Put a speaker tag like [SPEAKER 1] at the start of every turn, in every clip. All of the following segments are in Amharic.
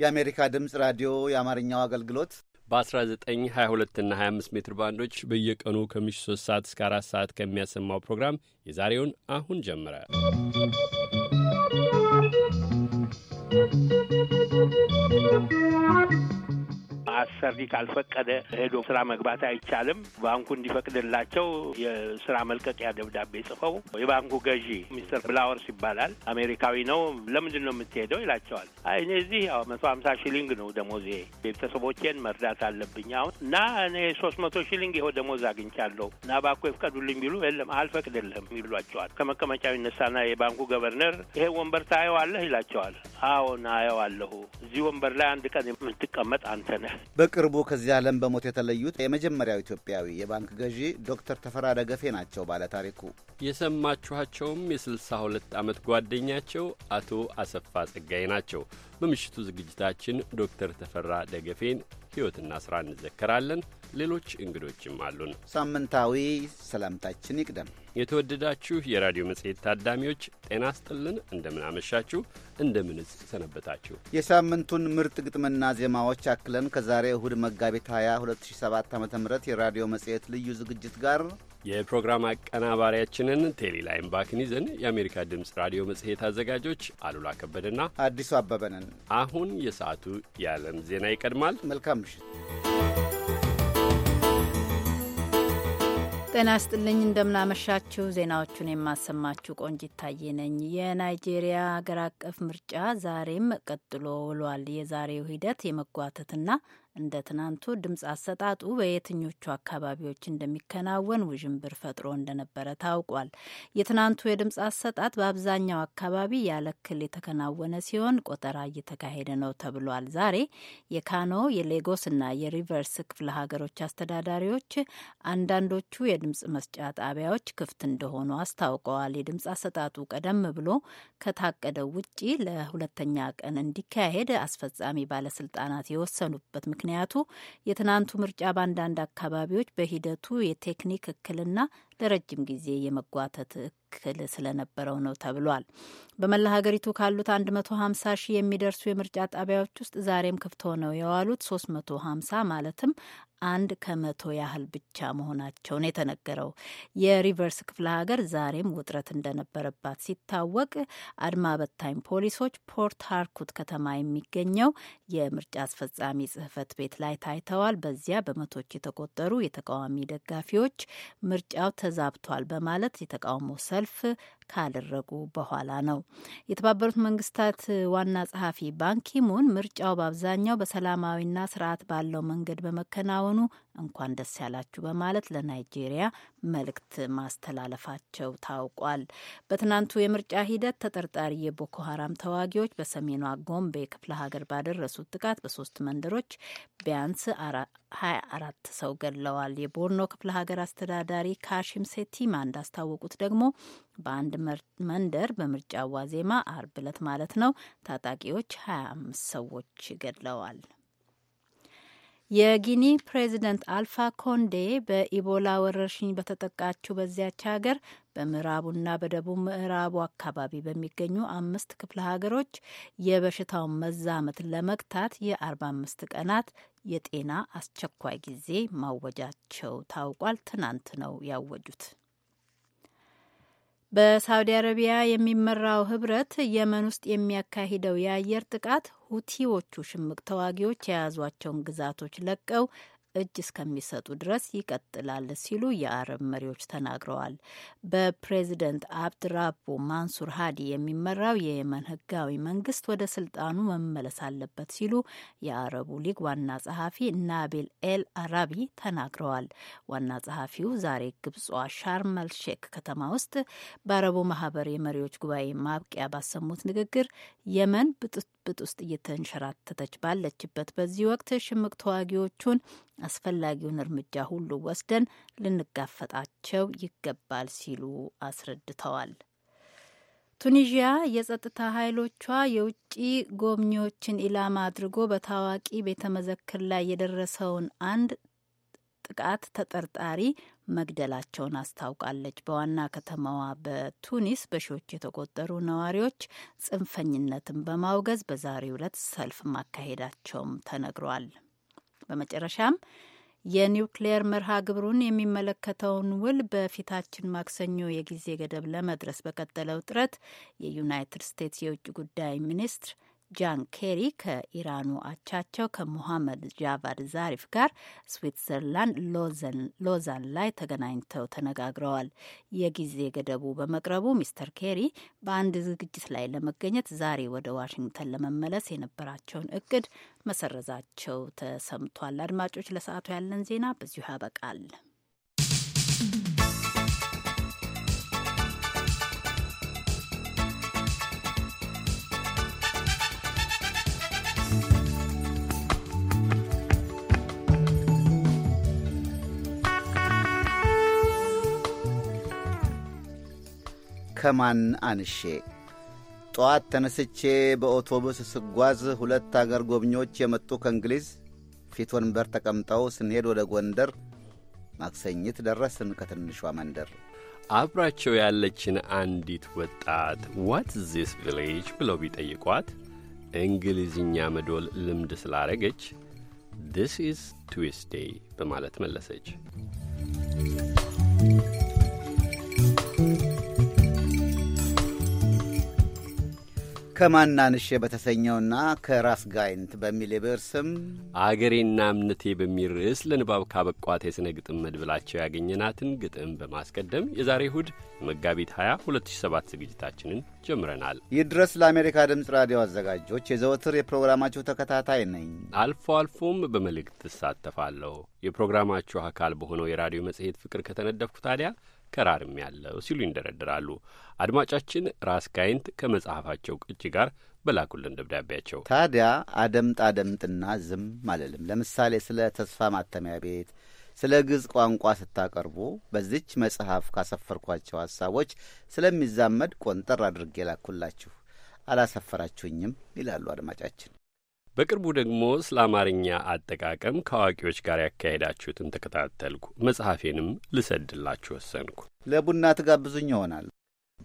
[SPEAKER 1] የአሜሪካ ድምፅ ራዲዮ
[SPEAKER 2] የአማርኛው አገልግሎት በ1922 እና 25 ሜትር ባንዶች በየቀኑ ከምሽቱ 3 ሰዓት እስከ 4 ሰዓት ከሚያሰማው ፕሮግራም የዛሬውን አሁን ጀመረ። ¶¶
[SPEAKER 3] አሰሪ ካልፈቀደ ሄዶ ስራ መግባት አይቻልም። ባንኩ እንዲፈቅድላቸው የስራ መልቀቂያ ደብዳቤ ጽፈው የባንኩ ገዢ ሚስተር ብላወርስ ይባላል አሜሪካዊ ነው። ለምንድን ነው የምትሄደው ይላቸዋል። እኔ እዚህ ያው መቶ ሀምሳ ሺሊንግ ነው ደሞዜ፣ ቤተሰቦቼን መርዳት አለብኝ አሁን እና እኔ ሶስት መቶ ሺሊንግ ይኸው ደሞዝ አግኝቻለሁ እና ባንኩ ይፍቀዱልኝ ቢሉ የለም አልፈቅድልህም ይሏቸዋል። ከመቀመጫው ይነሳና የባንኩ ገቨርነር ይሄ ወንበር ታየዋለህ ይላቸዋል። አዎን አየዋለሁ። እዚህ ወንበር ላይ አንድ ቀን የምትቀመጥ አንተ ነህ
[SPEAKER 1] በቅርቡ ከዚህ ዓለም በሞት የተለዩት የመጀመሪያው ኢትዮጵያዊ የባንክ ገዢ ዶክተር ተፈራ ደገፌ ናቸው ባለታሪኩ።
[SPEAKER 2] የሰማችኋቸውም የ62 ዓመት ጓደኛቸው አቶ አሰፋ ጸጋዬ ናቸው። በምሽቱ ዝግጅታችን ዶክተር ተፈራ ደገፌን ሕይወትና ሥራ እንዘከራለን። ሌሎች እንግዶችም አሉን።
[SPEAKER 1] ሳምንታዊ ሰላምታችን ይቅደም።
[SPEAKER 2] የተወደዳችሁ የራዲዮ መጽሔት ታዳሚዎች ጤና ስጥልን። እንደምናመሻችሁ፣ እንደምንስ ሰነበታችሁ።
[SPEAKER 1] የሳምንቱን ምርጥ ግጥምና ዜማዎች አክለን ከዛሬ እሁድ መጋቢት 20 2007 ዓ ም የራዲዮ መጽሔት ልዩ ዝግጅት ጋር
[SPEAKER 2] የፕሮግራም አቀናባሪያችንን ቴሌላይም ባክን ይዘን የአሜሪካ ድምፅ ራዲዮ መጽሔት አዘጋጆች አሉላ ከበደና አዲሱ አበበንን አሁን የሰዓቱ የዓለም ዜና ይቀድማል። መልካም ምሽት።
[SPEAKER 4] ጤና ስጥልኝ። እንደምናመሻችሁ። ዜናዎቹን የማሰማችሁ ቆንጂት ታዬ ነኝ። የናይጄሪያ ሀገር አቀፍ ምርጫ ዛሬም ቀጥሎ ውሏል። የዛሬው ሂደት የመጓተትና እንደ ትናንቱ ድምፅ አሰጣጡ በየትኞቹ አካባቢዎች እንደሚከናወን ውዥንብር ፈጥሮ እንደነበረ ታውቋል። የትናንቱ የድምፅ አሰጣጥ በአብዛኛው አካባቢ ያለ እክል የተከናወነ ሲሆን ቆጠራ እየተካሄደ ነው ተብሏል። ዛሬ የካኖ የሌጎስና የሪቨርስ ክፍለ ሀገሮች አስተዳዳሪዎች አንዳንዶቹ የድምፅ መስጫ ጣቢያዎች ክፍት እንደሆኑ አስታውቀዋል። የድምፅ አሰጣጡ ቀደም ብሎ ከታቀደው ውጪ ለሁለተኛ ቀን እንዲካሄድ አስፈጻሚ ባለስልጣናት የወሰኑበት ምክንያቱ የትናንቱ ምርጫ በአንዳንድ አካባቢዎች በሂደቱ የቴክኒክ እክልና ለረጅም ጊዜ የመጓተት እክል ስለነበረው ነው ተብሏል። በመላ ሀገሪቱ ካሉት 150 ሺህ የሚደርሱ የምርጫ ጣቢያዎች ውስጥ ዛሬም ክፍት ሆነው የዋሉት 350 ማለትም አንድ ከመቶ ያህል ብቻ መሆናቸውን የተነገረው የሪቨርስ ክፍለ ሀገር ዛሬም ውጥረት እንደነበረባት ሲታወቅ አድማ በታኝ ፖሊሶች ፖርት ሃርኩት ከተማ የሚገኘው የምርጫ አስፈጻሚ ጽህፈት ቤት ላይ ታይተዋል። በዚያ በመቶች የተቆጠሩ የተቃዋሚ ደጋፊዎች ምርጫው ተዛብቷል በማለት የተቃውሞ ሰልፍ ካደረጉ በኋላ ነው። የተባበሩት መንግስታት ዋና ጸሐፊ ባንኪሙን ምርጫው በአብዛኛው በሰላማዊና ስርዓት ባለው መንገድ በመከናወኑ እንኳን ደስ ያላችሁ በማለት ለናይጄሪያ መልእክት ማስተላለፋቸው ታውቋል። በትናንቱ የምርጫ ሂደት ተጠርጣሪ የቦኮ ሀራም ተዋጊዎች በሰሜኗ ጎምቤ ክፍለ ሀገር ባደረሱት ጥቃት በሶስት መንደሮች ቢያንስ ሀያ አራት ሰው ገድለዋል። የቦርኖ ክፍለ ሀገር አስተዳዳሪ ሴቲ ሴቲማ እንዳስታወቁት ደግሞ በአንድ መንደር በምርጫ ዋዜማ አርብ ዕለት ማለት ነው ታጣቂዎች ሀያ አምስት ሰዎች ገድለዋል። የጊኒ ፕሬዚደንት አልፋ ኮንዴ በኢቦላ ወረርሽኝ በተጠቃችው በዚያች ሀገር በምዕራቡና በደቡብ ምዕራቡ አካባቢ በሚገኙ አምስት ክፍለ ሀገሮች የበሽታውን መዛመት ለመግታት የ45 ቀናት የጤና አስቸኳይ ጊዜ ማወጃቸው ታውቋል። ትናንት ነው ያወጁት። በሳውዲ አረቢያ የሚመራው ህብረት የመን ውስጥ የሚያካሂደው የአየር ጥቃት ሁቲዎቹ ሽምቅ ተዋጊዎች የያዟቸውን ግዛቶች ለቀው እጅ እስከሚሰጡ ድረስ ይቀጥላል ሲሉ የአረብ መሪዎች ተናግረዋል። በፕሬዚደንት አብድራቦ ማንሱር ሀዲ የሚመራው የየመን ህጋዊ መንግስት ወደ ስልጣኑ መመለስ አለበት ሲሉ የአረቡ ሊግ ዋና ጸሐፊ ናቢል ኤል አራቢ ተናግረዋል። ዋና ጸሐፊው ዛሬ ግብጿ ሻርመል ሼክ ከተማ ውስጥ በአረቡ ማህበር የመሪዎች ጉባኤ ማብቂያ ባሰሙት ንግግር የመን ብጥብጥ ውስጥ እየተንሸራተተች ባለችበት በዚህ ወቅት ሽምቅ ተዋጊዎቹን አስፈላጊውን እርምጃ ሁሉ ወስደን ልንጋፈጣቸው ይገባል ሲሉ አስረድተዋል። ቱኒዥያ የጸጥታ ኃይሎቿ የውጭ ጎብኚዎችን ኢላማ አድርጎ በታዋቂ ቤተ መዘክር ላይ የደረሰውን አንድ ጥቃት ተጠርጣሪ መግደላቸውን አስታውቃለች። በዋና ከተማዋ በቱኒስ በሺዎች የተቆጠሩ ነዋሪዎች ጽንፈኝነትን በማውገዝ በዛሬው ዕለት ሰልፍ ማካሄዳቸውም ተነግሯል። በመጨረሻም የኒውክሌየር መርሃ ግብሩን የሚመለከተውን ውል በፊታችን ማክሰኞ የጊዜ ገደብ ለመድረስ በቀጠለው ጥረት የዩናይትድ ስቴትስ የውጭ ጉዳይ ሚኒስትር ጃን ኬሪ ከኢራኑ አቻቸው ከሞሐመድ ጃቫድ ዛሪፍ ጋር ስዊትዘርላንድ ሎዛን ላይ ተገናኝተው ተነጋግረዋል። የጊዜ ገደቡ በመቅረቡ ሚስተር ኬሪ በአንድ ዝግጅት ላይ ለመገኘት ዛሬ ወደ ዋሽንግተን ለመመለስ የነበራቸውን እቅድ መሰረዛቸው ተሰምቷል። አድማጮች፣ ለሰዓቱ ያለን ዜና በዚሁ ያበቃል።
[SPEAKER 1] ከማን አንሼ ጠዋት ተነስቼ በኦቶቡስ ስጓዝ ሁለት አገር ጎብኚዎች የመጡ ከእንግሊዝ ፊት ወንበር ተቀምጠው ስንሄድ ወደ ጎንደር ማክሰኝት ደረስን። ከትንሿ መንደር
[SPEAKER 2] አብራቸው ያለችን አንዲት ወጣት ዋት ዚስ ቪሌጅ ብለው ቢጠይቋት እንግሊዝኛ መዶል ልምድ ስላረገች ዲስ ኢዝ ትዊስዴይ በማለት መለሰች።
[SPEAKER 1] ከማናንሼ በተሰኘውና ከራስ ጋይንት በሚል የብዕር ስም
[SPEAKER 2] አገሬና እምነቴ በሚል ርዕስ ለንባብ ካበቋት የሥነ ግጥም መድብላቸው ያገኘናትን ግጥም በማስቀደም የዛሬ እሁድ መጋቢት 20 2007 ዝግጅታችንን ጀምረናል። ይህ ድረስ
[SPEAKER 1] ለአሜሪካ ድምፅ ራዲዮ አዘጋጆች የዘወትር የፕሮግራማችሁ ተከታታይ ነኝ።
[SPEAKER 2] አልፎ አልፎም በመልእክት እሳተፋለሁ። የፕሮግራማችሁ አካል በሆነው የራዲዮ መጽሔት ፍቅር ከተነደፍኩ ታዲያ ከራርም ያለው ሲሉ ይንደረድራሉ። አድማጫችን ራስ ጋይንት ከመጽሐፋቸው ቅጂ ጋር በላኩልን ደብዳቤያቸው
[SPEAKER 1] ታዲያ አደምጥ አደምጥና ዝም አልልም። ለምሳሌ ስለ ተስፋ ማተሚያ ቤት፣ ስለ ግዕዝ ቋንቋ ስታቀርቡ በዚች መጽሐፍ ካሰፈርኳቸው ሀሳቦች ስለሚዛመድ ቆንጠር አድርጌ ላኩላችሁ፣ አላሰፈራችሁኝም ይላሉ አድማጫችን።
[SPEAKER 2] በቅርቡ ደግሞ ስለ አማርኛ አጠቃቀም ከአዋቂዎች ጋር ያካሄዳችሁትን ተከታተልኩ። መጽሐፌንም ልሰድላችሁ ወሰንኩ።
[SPEAKER 1] ለቡና ትጋብዙኝ ይሆናል።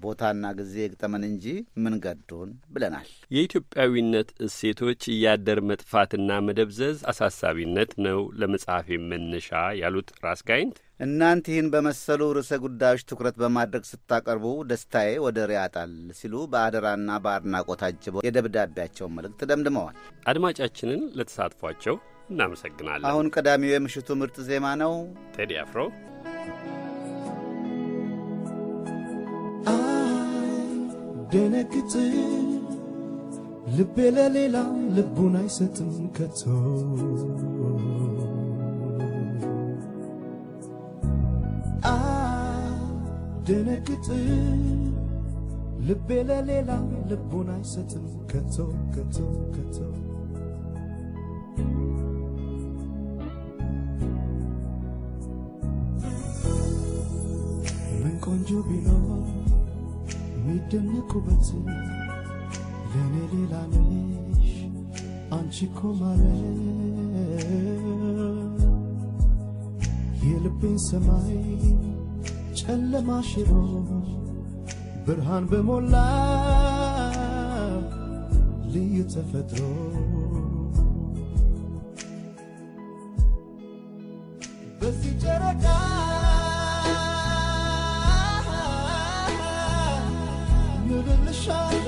[SPEAKER 1] ቦታና ጊዜ ግጠመን እንጂ ምን ገዶን ብለናል።
[SPEAKER 2] የኢትዮጵያዊነት እሴቶች እያደር መጥፋትና መደብዘዝ አሳሳቢነት ነው ለመጽሐፌ መነሻ ያሉት ራስ ጋይንት፣
[SPEAKER 1] እናንት ይህን በመሰሉ ርዕሰ ጉዳዮች ትኩረት በማድረግ ስታቀርቡ ደስታዬ ወደር ያጣል ሲሉ በአደራና በአድናቆት አጅበው የደብዳቤያቸውን መልእክት ደምድመዋል።
[SPEAKER 2] አድማጫችንን ለተሳትፏቸው እናመሰግናለን።
[SPEAKER 1] አሁን ቀዳሚው የምሽቱ ምርጥ ዜማ ነው
[SPEAKER 2] ቴዲ አፍሮ
[SPEAKER 5] ደነግጥ ልቤ ለሌላ ልቡን አይሰጥም ከቶ ደነግጥ ልቤ ለሌላ ልቡን አይሰጥም ከቶ ከቶ ከቶ ምን ቆንጆ ቢኖር የሚደነቅ ውበት ለእኔ ሌላ ነሽ አንቺ እኮ ማለት የልቤን ሰማይ ጨለማ ሽሮ ብርሃን በሞላ ልዩ ተፈጥሮ በዚህ ጨረቃ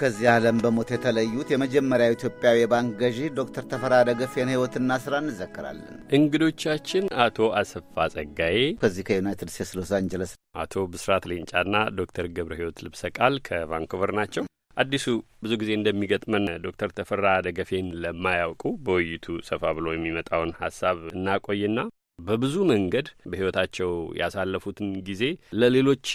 [SPEAKER 1] ከዚህ ዓለም በሞት የተለዩት የመጀመሪያው ኢትዮጵያዊ የባንክ ገዢ ዶክተር ተፈራ ደገፌን ሕይወትና ስራ እንዘከራለን።
[SPEAKER 2] እንግዶቻችን አቶ አሰፋ ጸጋዬ ከዚህ ከዩናይትድ ስቴትስ ሎስ አንጀለስ፣ አቶ ብስራት ሌንጫና ዶክተር ገብረ ሕይወት ልብሰ ቃል ከቫንኩቨር ናቸው። አዲሱ ብዙ ጊዜ እንደሚገጥመን ዶክተር ተፈራ ደገፌን ለማያውቁ በውይይቱ ሰፋ ብሎ የሚመጣውን ሀሳብ እናቆይና በብዙ መንገድ በሕይወታቸው ያሳለፉትን ጊዜ ለሌሎች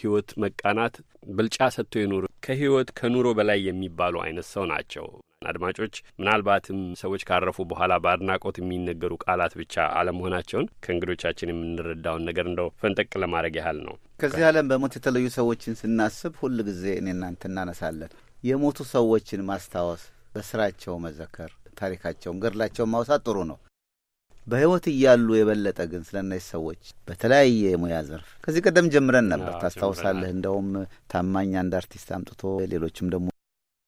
[SPEAKER 2] ሕይወት መቃናት ብልጫ ሰጥቶ የኖሩ ከህይወት ከኑሮ በላይ የሚባሉ አይነት ሰው ናቸው። አድማጮች ምናልባትም ሰዎች ካረፉ በኋላ በአድናቆት የሚነገሩ ቃላት ብቻ አለመሆናቸውን ከእንግዶቻችን የምንረዳውን ነገር እንደው ፈንጠቅ ለማድረግ ያህል ነው።
[SPEAKER 1] ከዚህ ዓለም በሞት የተለዩ ሰዎችን ስናስብ ሁል ጊዜ እኔ እናንተ እናነሳለን። የሞቱ ሰዎችን ማስታወስ፣ በስራቸው መዘከር፣ ታሪካቸውን ገድላቸውን ማውሳት ጥሩ ነው። በህይወት እያሉ የበለጠ ግን ስለ እነዚህ ሰዎች በተለያየ የሙያ ዘርፍ ከዚህ ቀደም ጀምረን ነበር። ታስታውሳለህ? እንደውም ታማኝ አንድ አርቲስት አምጥቶ ሌሎችም ደግሞ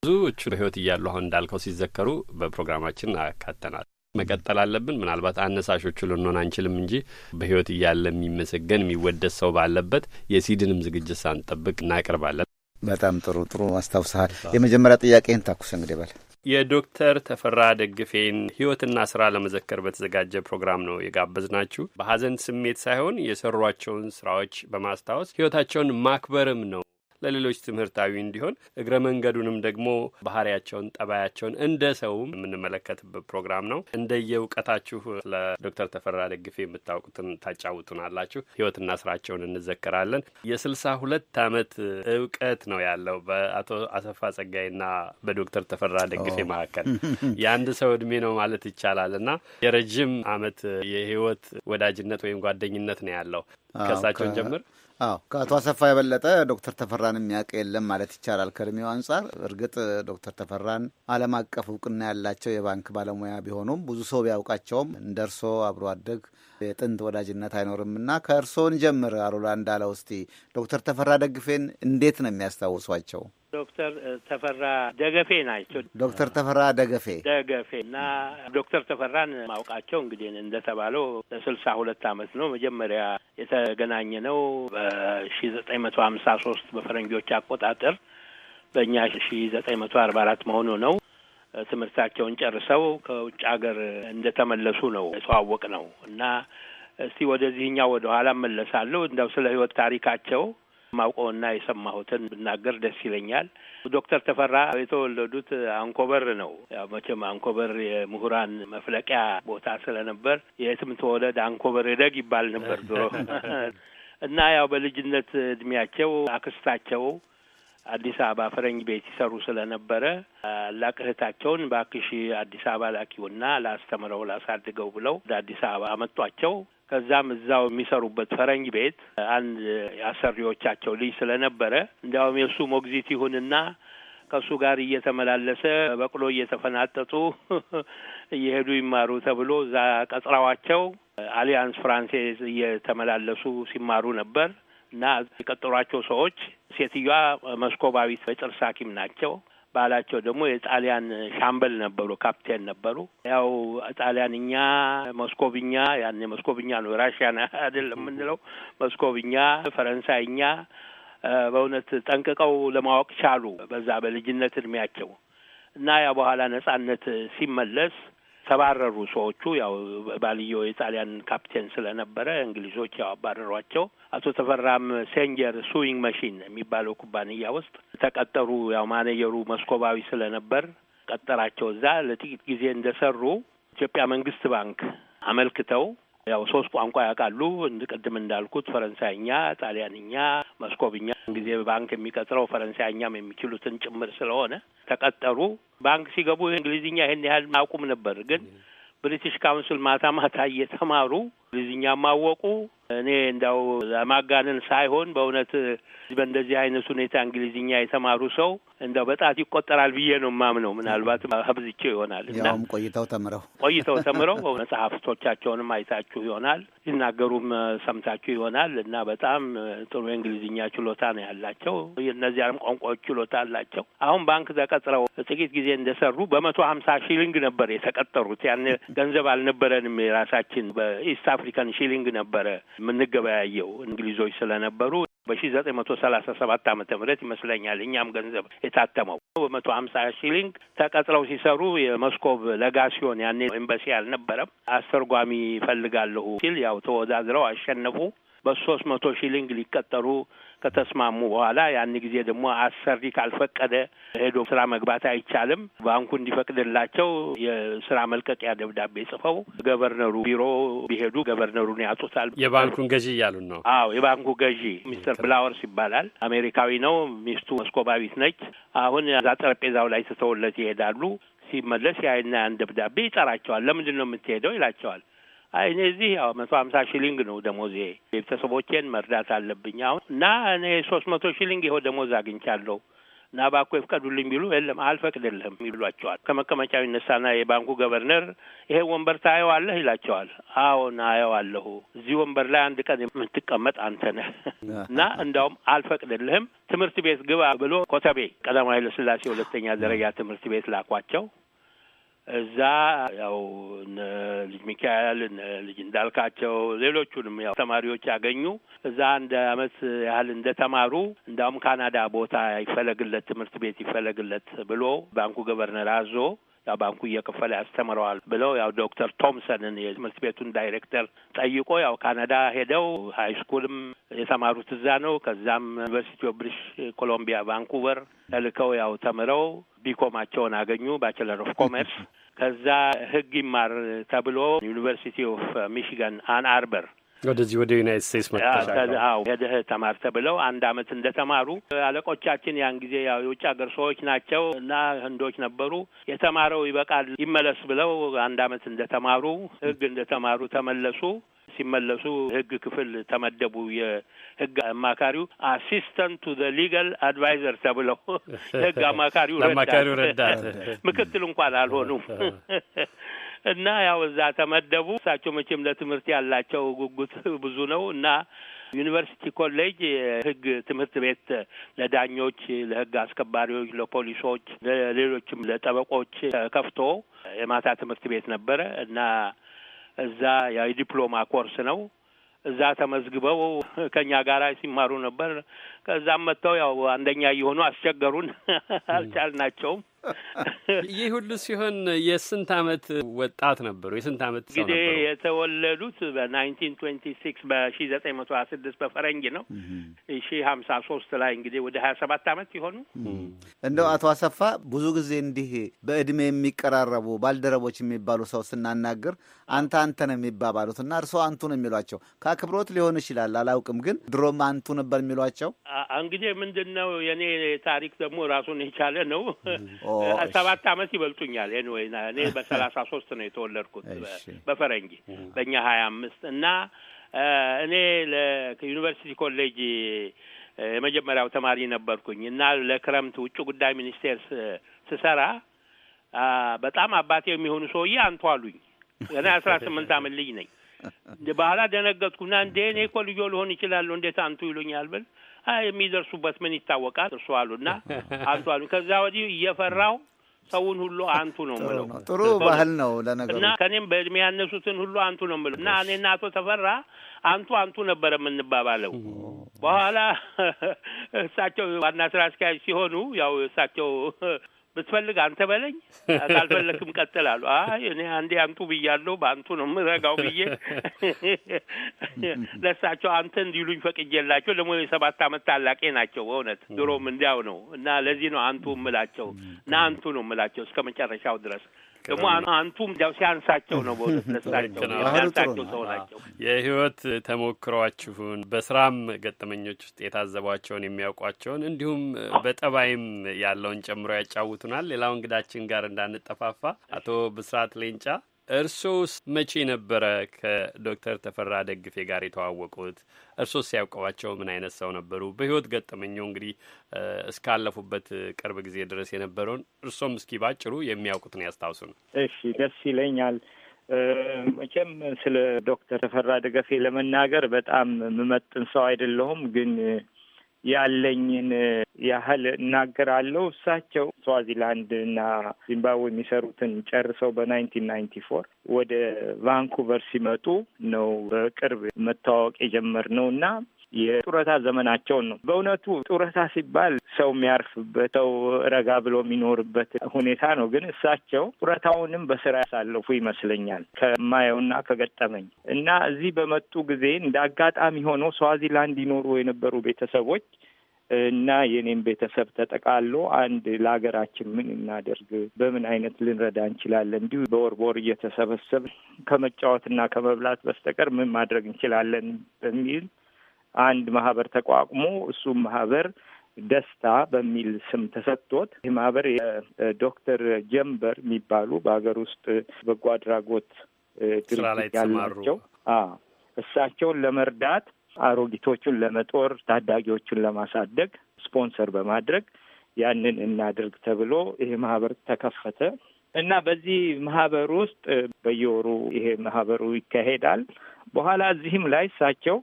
[SPEAKER 2] ብዙዎቹ በህይወት እያሉ አሁን እንዳልከው ሲዘከሩ በፕሮግራማችን አካተናል። መቀጠል አለብን። ምናልባት አነሳሾቹ ልንሆን አንችልም እንጂ በህይወት እያለ የሚመሰገን የሚወደስ ሰው ባለበት የሲድንም ዝግጅት ሳንጠብቅ እናቀርባለን። በጣም ጥሩ ጥሩ አስታውሰሃል።
[SPEAKER 1] የመጀመሪያ ጥያቄህን ታኩስ እንግዲህ በል
[SPEAKER 2] የዶክተር ተፈራ ደግፌን ህይወትና ስራ ለመዘከር በተዘጋጀ ፕሮግራም ነው የጋበዝናችሁ። በሀዘን ስሜት ሳይሆን የሰሯቸውን ስራዎች በማስታወስ ህይወታቸውን ማክበርም ነው ለሌሎች ትምህርታዊ እንዲሆን እግረ መንገዱንም ደግሞ ባህሪያቸውን፣ ጠባያቸውን እንደ ሰውም የምንመለከትበት ፕሮግራም ነው። እንደየእውቀታችሁ ለዶክተር ተፈራ ደግፌ የምታውቁትን ታጫውቱናላችሁ። ህይወትና ስራቸውን እንዘከራለን። የስልሳ ሁለት አመት እውቀት ነው ያለው በአቶ አሰፋ ጸጋይና በዶክተር ተፈራ ደግፌ መካከል የአንድ ሰው እድሜ ነው ማለት ይቻላል እና የረጅም አመት የህይወት ወዳጅነት ወይም ጓደኝነት ነው ያለው። ከእሳቸውን ጀምር
[SPEAKER 1] አዎ ከአቶ አሰፋ የበለጠ ዶክተር ተፈራን የሚያውቅ የለም ማለት ይቻላል። ከእድሜው አንጻር እርግጥ ዶክተር ተፈራን ዓለም አቀፍ እውቅና ያላቸው የባንክ ባለሙያ ቢሆኑም ብዙ ሰው ቢያውቃቸውም እንደ እርሶ አብሮ አደግ የጥንት ወዳጅነት እና ከእርሶን ጀምር አሉላ እንዳለ እስቲ ዶክተር ተፈራ ደግፌን እንዴት ነው የሚያስታውሷቸው?
[SPEAKER 3] ዶክተር ተፈራ ደገፌ ናቸው።
[SPEAKER 1] ዶክተር ተፈራ ደገፌ
[SPEAKER 3] ደገፌ እና ዶክተር ተፈራን ማውቃቸው እንግዲህ እንደተባለው ለስልሳ ሁለት አመት ነው። መጀመሪያ የተገናኘ ነው በሺ ዘጠኝ መቶ ሀምሳ ሶስት በፈረንጆች አቆጣጠር በእኛ ሺ ዘጠኝ መቶ አርባ አራት መሆኑ ነው። ትምህርታቸውን ጨርሰው ከውጭ ሀገር እንደተመለሱ ነው የተዋወቅ ነው እና እስቲ ወደዚህኛው ወደ ኋላ እመለሳለሁ። እንደው ስለ ህይወት ታሪካቸው ማውቀውና የሰማሁትን ብናገር ደስ ይለኛል። ዶክተር ተፈራ የተወለዱት አንኮበር ነው። ያው መቼም አንኮበር የምሁራን መፍለቂያ ቦታ ስለነበር የትም ተወለድ አንኮበር የደግ ይባል ነበር ድሮ እና ያው በልጅነት እድሜያቸው አክስታቸው አዲስ አበባ ፈረንጅ ቤት ይሰሩ ስለነበረ ላቅህታቸውን እህታቸውን ባክሽ አዲስ አበባ ላኪውና ላስተምረው ላሳድገው ብለው ወደ አዲስ አበባ አመጧቸው። ከዛም እዛው የሚሰሩበት ፈረንጅ ቤት አንድ አሰሪዎቻቸው ልጅ ስለነበረ እንዲያውም የእሱ ሞግዚት ይሁንና ከእሱ ጋር እየተመላለሰ በቅሎ እየተፈናጠጡ እየሄዱ ይማሩ ተብሎ እዛ ቀጥራዋቸው አሊያንስ ፍራንሴዝ እየተመላለሱ ሲማሩ ነበር እና የቀጠሯቸው ሰዎች ሴትዮዋ መስኮባዊት የጥርስ ሐኪም ናቸው። ባላቸው ደግሞ የጣሊያን ሻምበል ነበሩ፣ ካፕቴን ነበሩ። ያው ጣሊያንኛ፣ ሞስኮቭኛ ያን የሞስኮቭኛ ነው ራሽያን አይደለም የምንለው ሞስኮቭኛ፣ ፈረንሳይኛ በእውነት ጠንቅቀው ለማወቅ ቻሉ በዛ በልጅነት እድሜያቸው እና ያ በኋላ ነጻነት ሲመለስ ተባረሩ ሰዎቹ። ያው ባልየው የጣሊያን ካፕቴን ስለነበረ እንግሊዞች ያው አባረሯቸው። አቶ ተፈራም ሴንጀር ሱዊንግ መሺን የሚባለው ኩባንያ ውስጥ ተቀጠሩ። ያው ማኔጀሩ መስኮባዊ ስለነበር ቀጠራቸው። እዛ ለጥቂት ጊዜ እንደሰሩ ኢትዮጵያ መንግስት ባንክ አመልክተው ያው ሶስት ቋንቋ ያውቃሉ። ቅድም እንዳልኩት ፈረንሳይኛ፣ ጣሊያንኛ፣ መስኮብኛ ጊዜ ባንክ የሚቀጥረው ፈረንሳይኛም የሚችሉትን ጭምር ስለሆነ ተቀጠሩ። ባንክ ሲገቡ እንግሊዝኛ ይህን ያህል አቁም ነበር፣ ግን ብሪቲሽ ካውንስል ማታ ማታ እየተማሩ እንግሊዝኛ ማወቁ እኔ እንዳው ለማጋነን ሳይሆን በእውነት በእንደዚህ አይነት ሁኔታ እንግሊዝኛ የተማሩ ሰው እንደው በጣት ይቆጠራል ብዬ ነው የማምነው። ምናልባት አብዝቼ ይሆናል ያውም
[SPEAKER 1] ቆይተው ተምረው
[SPEAKER 3] ቆይተው ተምረው መጽሐፍቶቻቸውንም አይታችሁ ይሆናል፣ ሲናገሩም ሰምታችሁ ይሆናል እና በጣም ጥሩ የእንግሊዝኛ ችሎታ ነው ያላቸው። እነዚያንም ቋንቋዎች ችሎታ አላቸው። አሁን ባንክ ተቀጥረው ጥቂት ጊዜ እንደሰሩ በመቶ ሀምሳ ሺሊንግ ነበር የተቀጠሩት። ያን ገንዘብ አልነበረንም የራሳችን በኢስት አፍሪካን ሺሊንግ ነበረ የምንገበያየው እንግሊዞች ስለነበሩ በሺ ዘጠኝ መቶ ሰላሳ ሰባት ዓመተ ምህረት ይመስለኛል እኛም ገንዘብ የታተመው በመቶ ሀምሳ ሺሊንግ ተቀጥለው ሲሰሩ የመስኮብ ለጋሲዮን ያኔ ኤምባሲ አልነበረም። አስተርጓሚ ይፈልጋለሁ ሲል ያው ተወዳድረው አሸነፉ። በሶስት መቶ ሺሊንግ ሊቀጠሩ ከተስማሙ በኋላ ያን ጊዜ ደግሞ አሰሪ ካልፈቀደ ሄዶ ስራ መግባት አይቻልም። ባንኩ እንዲፈቅድላቸው የስራ መልቀቂያ ደብዳቤ ጽፈው ገቨርነሩ ቢሮ ቢሄዱ ገቨርነሩን ያጡታል። የባንኩን ገዢ እያሉን ነው። አዎ የባንኩ ገዢ ሚስተር ብላወርስ ይባላል። አሜሪካዊ ነው። ሚስቱ መስኮባዊት ነች። አሁን እዛ ጠረጴዛው ላይ ትተውለት ይሄዳሉ። ሲመለስ ያይና ያን ደብዳቤ ይጠራቸዋል። ለምንድን ነው የምትሄደው? ይላቸዋል። እኔ እዚህ ያው መቶ ሀምሳ ሺሊንግ ነው ደሞዜ። ቤተሰቦቼን መርዳት አለብኝ አሁን እና እኔ ሶስት መቶ ሺሊንግ ይኸው ደሞዝ አግኝቻለሁ እና እባክዎ ይፍቀዱልኝ ቢሉ የለም አልፈቅድልህም ይሏቸዋል። ከመቀመጫው ይነሳና የባንኩ ገቨርነር ይሄ ወንበር ታየዋለህ ይላቸዋል። አዎን አየዋለሁ፣ እዚህ ወንበር ላይ አንድ ቀን የምትቀመጥ አንተ ነህ እና እንዳውም አልፈቅድልህም፣ ትምህርት ቤት ግባ ብሎ ኮተቤ ቀዳማዊ ኃይለ ሥላሴ ሁለተኛ ደረጃ ትምህርት ቤት ላኳቸው። እዛ ያው እነ ልጅ ሚካኤል እነ ልጅ እንዳልካቸው ሌሎቹንም ያው ተማሪዎች ያገኙ እዛ እንደ አመት ያህል እንደተማሩ እንዳውም ካናዳ ቦታ ይፈለግለት ትምህርት ቤት ይፈለግለት ብሎ ባንኩ ገቨርነር አዞ ያው ባንኩ እየከፈለ ያስተምረዋል ብለው ያው ዶክተር ቶምሰንን የትምህርት ቤቱን ዳይሬክተር ጠይቆ ያው ካናዳ ሄደው ሀይ ስኩልም የተማሩት እዛ ነው። ከዛም ዩኒቨርሲቲ ኦፍ ብሪሽ ኮሎምቢያ ቫንኩቨር ተልከው ያው ተምረው ቢኮማቸውን አገኙ ባችለር ኦፍ ኮመርስ ከዛ ህግ ይማር ተብሎ ዩኒቨርሲቲ ኦፍ ሚሽጋን አን አርበር
[SPEAKER 2] ወደዚህ ወደ ዩናይት ስቴትስ መጥተሻው
[SPEAKER 3] ሄደህ ተማር ተብለው አንድ አመት እንደተማሩ አለቆቻችን ያን ጊዜ ያው የውጭ ሀገር ሰዎች ናቸው እና ህንዶች ነበሩ። የተማረው ይበቃል ይመለስ ብለው አንድ አመት እንደተማሩ ህግ እንደተማሩ ተመለሱ። ሲመለሱ ህግ ክፍል ተመደቡ። የህግ አማካሪው አሲስተንት ቱ ዘ ሊጋል አድቫይዘር ተብለው የህግ አማካሪው ረዳት ምክትል እንኳን አልሆኑም። እና ያው እዛ ተመደቡ። እሳቸው መቼም ለትምህርት ያላቸው ጉጉት ብዙ ነው እና ዩኒቨርሲቲ ኮሌጅ የህግ ትምህርት ቤት ለዳኞች፣ ለህግ አስከባሪዎች፣ ለፖሊሶች፣ ለሌሎችም ለጠበቆች ከፍቶ የማታ ትምህርት ቤት ነበረ እና እዛ የዲፕሎማ ኮርስ ነው። እዛ ተመዝግበው ከእኛ ጋር ሲማሩ ነበር። ከዛም መጥተው ያው አንደኛ እየሆኑ አስቸገሩን፣ አልቻልናቸውም።
[SPEAKER 2] ይህ ሁሉ ሲሆን የስንት አመት ወጣት ነበሩ? የስንት አመት ጊዜ
[SPEAKER 3] የተወለዱት? በናይንቲን ትዌንቲ ሲክስ በሺ ዘጠኝ መቶ ሀያ ስድስት በፈረንጅ ነው ሺ ሀምሳ ሶስት ላይ እንግዲህ ወደ ሀያ ሰባት አመት ሲሆኑ።
[SPEAKER 1] እንደው አቶ አሰፋ ብዙ ጊዜ እንዲህ በእድሜ የሚቀራረቡ ባልደረቦች የሚባሉ ሰው ስናናግር አንተ አንተ ነው የሚባባሉት እና እርስዎ አንቱ ነው የሚሏቸው። ከአክብሮት ሊሆን ይችላል አላውቅም፣ ግን ድሮም አንቱ ነበር የሚሏቸው።
[SPEAKER 3] እንግዲህ ምንድን ነው የእኔ ታሪክ ደግሞ ራሱን የቻለ ነው። ሰባት አመት ይበልጡኛል። ኤኒዌይ እኔ በሰላሳ ሶስት ነው የተወለድኩት በፈረንጅ በእኛ ሀያ አምስት እና እኔ ለዩኒቨርሲቲ ኮሌጅ የመጀመሪያው ተማሪ ነበርኩኝ እና ለክረምት ውጭ ጉዳይ ሚኒስቴር ስሰራ በጣም አባቴ የሚሆኑ ሰውዬ አንቱ አሉኝ።
[SPEAKER 6] እኔ አስራ ስምንት
[SPEAKER 3] አመት ልጅ ነኝ። በኋላ ደነገጥኩና እንዴ እኔ እኮ ልጆ ልሆን ይችላለሁ እንዴት አንቱ ይሉኛል ብል የሚደርሱበት ምን ይታወቃል እርሱ አሉና አንቱ አሉ። ከዛ ወዲህ እየፈራው ሰውን ሁሉ አንቱ ነው ምለው። ጥሩ ባህል ነው ለነገሩ እና በእድሜ ያነሱትን ሁሉ አንቱ ነው ምለው እና እኔና አቶ ተፈራ አንቱ አንቱ ነበረ የምንባባለው። በኋላ እሳቸው ዋና ስራ አስኪያጅ ሲሆኑ ያው እሳቸው ብትፈልግ አንተ በለኝ፣ ካልፈለክም ቀጥል አሉ። አይ እኔ አንዴ አንቱ ብያለሁ በአንቱ ነው የምረጋው ብዬ ለሳቸው አንተ እንዲሉኝ ፈቅጄላቸው። ደግሞ የሰባት አመት ታላቄ ናቸው። በእውነት ድሮም እንዲያው ነው እና ለዚህ ነው አንቱ እምላቸው እና አንቱ ነው እምላቸው እስከ መጨረሻው ድረስ ደግሞ አንቱም ያው ሲያንሳቸው
[SPEAKER 2] ነው ሲያንሳቸው ሰው ናቸው። የህይወት ተሞክሯችሁን በስራም ገጠመኞች ውስጥ የታዘቧቸውን የሚያውቋቸውን እንዲሁም በጠባይም ያለውን ጨምሮ ያጫውቱናል። ሌላው እንግዳችን ጋር እንዳንጠፋፋ አቶ ብስራት ሌንጫ እርሶስ መቼ ነበረ ከዶክተር ተፈራ ደግፌ ጋር የተዋወቁት? እርሶስ ሲያውቀዋቸው ምን አይነት ሰው ነበሩ? በህይወት ገጠመኘው እንግዲህ እስካለፉበት ቅርብ ጊዜ ድረስ የነበረውን እርሶም እስኪ ባጭሩ የሚያውቁትን ያስታውሱ ነው።
[SPEAKER 7] እሺ፣ ደስ ይለኛል። መቼም ስለ ዶክተር ተፈራ ደገፌ ለመናገር በጣም የምመጥን ሰው አይደለሁም ግን ያለኝን ያህል እናገራለሁ። እሳቸው ስዋዚላንድ እና ዚምባብዌ የሚሰሩትን ጨርሰው በናይንቲን ናይንቲ ፎር ወደ ቫንኩቨር ሲመጡ ነው በቅርብ መተዋወቅ የጀመርነው እና የጡረታ ዘመናቸውን ነው። በእውነቱ ጡረታ ሲባል ሰው የሚያርፍበት ሰው ረጋ ብሎ የሚኖርበት ሁኔታ ነው። ግን እሳቸው ጡረታውንም በስራ ያሳለፉ ይመስለኛል ከማየውና ከገጠመኝ እና እዚህ በመጡ ጊዜ እንደ አጋጣሚ ሆኖ ስዋዚላንድ ይኖሩ የነበሩ ቤተሰቦች እና የኔም ቤተሰብ ተጠቃሎ አንድ ለሀገራችን ምን እናደርግ፣ በምን አይነት ልንረዳ እንችላለን፣ እንዲሁ በወር በወር እየተሰበሰብ ከመጫወትና ከመብላት በስተቀር ምን ማድረግ እንችላለን በሚል አንድ ማህበር ተቋቁሞ እሱም ማህበር ደስታ በሚል ስም ተሰጥቶት ይህ ማህበር የዶክተር ጀምበር የሚባሉ በሀገር ውስጥ በጎ አድራጎት ድርጅት ያላቸው እሳቸውን ለመርዳት አሮጊቶቹን ለመጦር ታዳጊዎቹን ለማሳደግ ስፖንሰር በማድረግ ያንን እናድርግ ተብሎ ይህ ማህበር ተከፈተ። እና በዚህ ማህበር ውስጥ በየወሩ ይሄ ማህበሩ ይካሄዳል። በኋላ እዚህም ላይ እሳቸው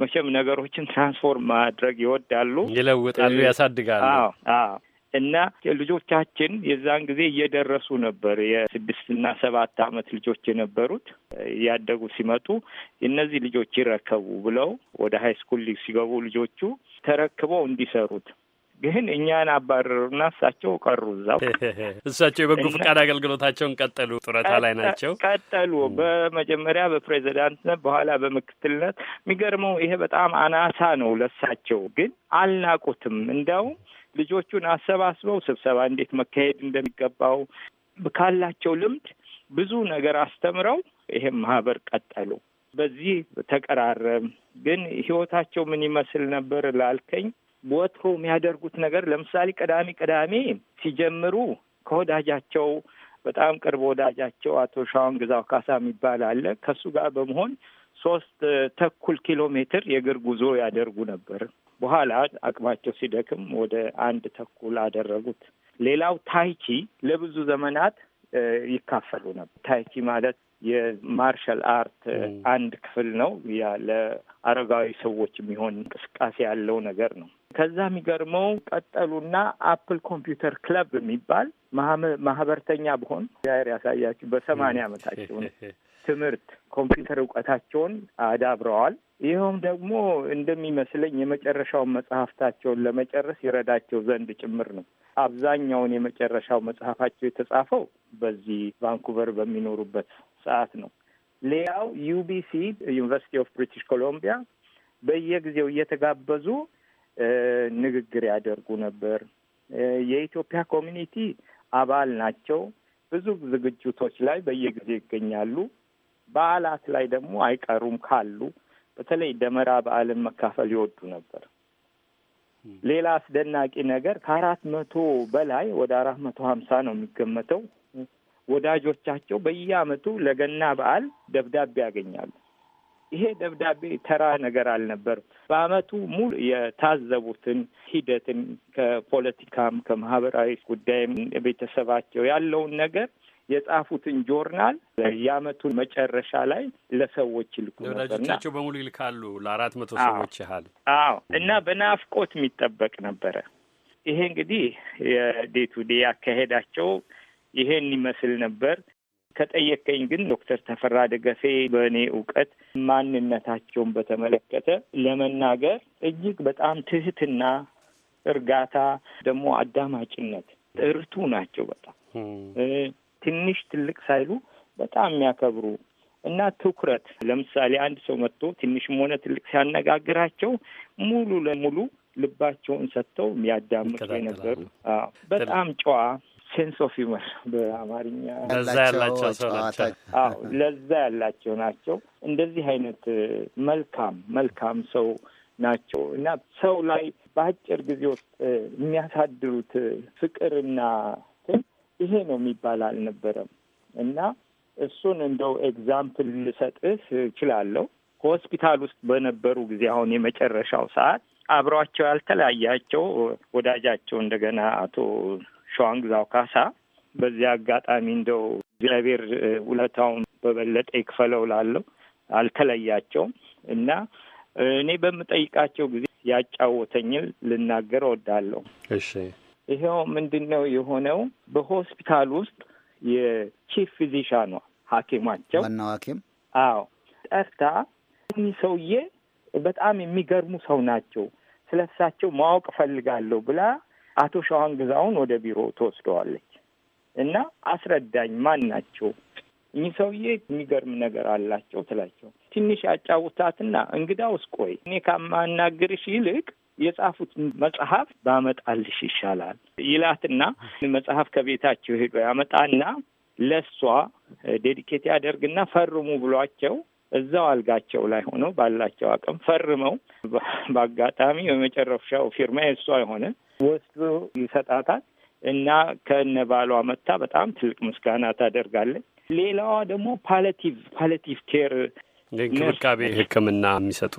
[SPEAKER 7] መቼም ነገሮችን ትራንስፎርም ማድረግ ይወዳሉ፣ ይለውጣሉ፣ ያሳድጋሉ። እና ልጆቻችን የዛን ጊዜ እየደረሱ ነበር። የስድስትና ሰባት አመት ልጆች የነበሩት እያደጉ ሲመጡ እነዚህ ልጆች ይረከቡ ብለው ወደ ሀይ ስኩል ሲገቡ ልጆቹ ተረክበው እንዲሰሩት ግን እኛን አባረሩና እሳቸው ቀሩ እዛው።
[SPEAKER 2] እሳቸው የበጎ ፈቃድ አገልግሎታቸውን ቀጠሉ፣ ጡረታ ላይ ናቸው
[SPEAKER 7] ቀጠሉ። በመጀመሪያ በፕሬዚዳንትነት በኋላ በምክትልነት። የሚገርመው ይሄ በጣም አናሳ ነው ለሳቸው፣ ግን አልናቁትም። እንዲያውም ልጆቹን አሰባስበው ስብሰባ እንዴት መካሄድ እንደሚገባው ካላቸው ልምድ ብዙ ነገር አስተምረው ይሄም ማህበር ቀጠሉ። በዚህ ተቀራረብ ግን ህይወታቸው ምን ይመስል ነበር ላልከኝ ወትሮ የሚያደርጉት ነገር ለምሳሌ ቅዳሜ ቅዳሜ ሲጀምሩ ከወዳጃቸው በጣም ቅርብ ወዳጃቸው አቶ ሻውን ግዛው ካሳ የሚባል አለ። ከሱ ጋር በመሆን ሶስት ተኩል ኪሎ ሜትር የእግር ጉዞ ያደርጉ ነበር። በኋላ አቅማቸው ሲደክም ወደ አንድ ተኩል አደረጉት። ሌላው ታይቺ ለብዙ ዘመናት ይካፈሉ ነበር። ታይቺ ማለት የማርሻል አርት አንድ ክፍል ነው። ለአረጋዊ ሰዎች የሚሆን እንቅስቃሴ ያለው ነገር ነው። ከዛ የሚገርመው ቀጠሉና አፕል ኮምፒውተር ክለብ የሚባል ማህበርተኛ በሆን ዛር ያሳያችሁ በሰማንያ አመታቸውን ትምህርት ኮምፒውተር እውቀታቸውን አዳብረዋል። ይኸውም ደግሞ እንደሚመስለኝ የመጨረሻውን መጽሐፍታቸውን ለመጨረስ ይረዳቸው ዘንድ ጭምር ነው። አብዛኛውን የመጨረሻው መጽሐፋቸው የተጻፈው በዚህ ቫንኩቨር በሚኖሩበት ሰዓት ነው። ሌላው ዩቢሲ ዩኒቨርሲቲ ኦፍ ብሪቲሽ ኮሎምቢያ በየጊዜው እየተጋበዙ ንግግር ያደርጉ ነበር። የኢትዮጵያ ኮሚኒቲ አባል ናቸው። ብዙ ዝግጅቶች ላይ በየጊዜ ይገኛሉ። በዓላት ላይ ደግሞ አይቀሩም ካሉ በተለይ ደመራ በዓልን መካፈል ይወዱ ነበር። ሌላ አስደናቂ ነገር ከአራት መቶ በላይ ወደ አራት መቶ ሀምሳ ነው የሚገመተው ወዳጆቻቸው በየዓመቱ ለገና በዓል ደብዳቤ ያገኛሉ። ይሄ ደብዳቤ ተራ ነገር አልነበርም። በአመቱ ሙሉ የታዘቡትን ሂደትን ከፖለቲካም ከማህበራዊ ጉዳይም ቤተሰባቸው ያለውን ነገር የጻፉትን ጆርናል የአመቱን መጨረሻ ላይ ለሰዎች ይልኩ ወዳጆቻቸው በሙሉ ይልካሉ። ለአራት መቶ ሰዎች ያህል አዎ። እና በናፍቆት የሚጠበቅ ነበረ። ይሄ እንግዲህ የዴቱዴ ያካሄዳቸው ይሄን ይመስል ነበር። ከጠየቀኝ ግን ዶክተር ተፈራ ደገፌ በእኔ እውቀት ማንነታቸውን በተመለከተ ለመናገር እጅግ በጣም ትህትና፣ እርጋታ ደግሞ አዳማጭነት እርቱ ናቸው። በጣም ትንሽ ትልቅ ሳይሉ በጣም የሚያከብሩ እና ትኩረት ለምሳሌ አንድ ሰው መጥቶ ትንሽም ሆነ ትልቅ ሲያነጋግራቸው ሙሉ ለሙሉ ልባቸውን ሰጥተው የሚያዳምጡ የነበሩ በጣም ጨዋ ሴንስ ኦፍ ዩመር በአማርኛ ለዛ ያላቸው ሰው ናቸው። አዎ ለዛ ያላቸው ናቸው። እንደዚህ አይነት መልካም መልካም ሰው ናቸው እና ሰው ላይ በአጭር ጊዜ ውስጥ የሚያሳድሩት ፍቅርና ይሄ ነው የሚባል አልነበረም እና እሱን እንደው ኤግዛምፕል ልሰጥህ እችላለሁ። ከሆስፒታል ውስጥ በነበሩ ጊዜ አሁን የመጨረሻው ሰዓት አብሯቸው ያልተለያያቸው ወዳጃቸው እንደገና አቶ ሸዋንግዛው ካሳ በዚያ አጋጣሚ እንደው እግዚአብሔር ውለታውን በበለጠ ይክፈለው ላለው አልተለያቸውም እና እኔ በምጠይቃቸው ጊዜ ያጫወተኝል ልናገር እወዳለሁ። እሺ ይኸው ምንድን ነው የሆነው? በሆስፒታል ውስጥ የቺፍ ፊዚሻኗ ሐኪማቸው ዋናው ሐኪም አዎ፣ ጠርታ እኚህ ሰውዬ በጣም የሚገርሙ ሰው ናቸው፣ ስለ እሳቸው ማወቅ እፈልጋለሁ ብላ አቶ ሸዋን ግዛውን ወደ ቢሮ ትወስደዋለች እና አስረዳኝ፣ ማን ናቸው እኚህ ሰውዬ? የሚገርም ነገር አላቸው ትላቸው። ትንሽ ያጫውታትና እንግዳውስ ቆይ እኔ ከማናግርሽ ይልቅ የጻፉት መጽሐፍ ባመጣልሽ ይሻላል ይላትና መጽሐፍ ከቤታቸው ሄዶ ያመጣና ለእሷ ዴዲኬት ያደርግና ፈርሙ ብሏቸው እዛው አልጋቸው ላይ ሆኖ ባላቸው አቅም ፈርመው በአጋጣሚ በመጨረሻው ፊርማ የእሷ የሆነ ወስዶ ይሰጣታል እና ከነ ባሏ መታ በጣም ትልቅ ምስጋና ታደርጋለች። ሌላዋ ደግሞ ፓለቲቭ ፓለቲቭ ኬር እንክብካቤ
[SPEAKER 2] ሕክምና የሚሰጡ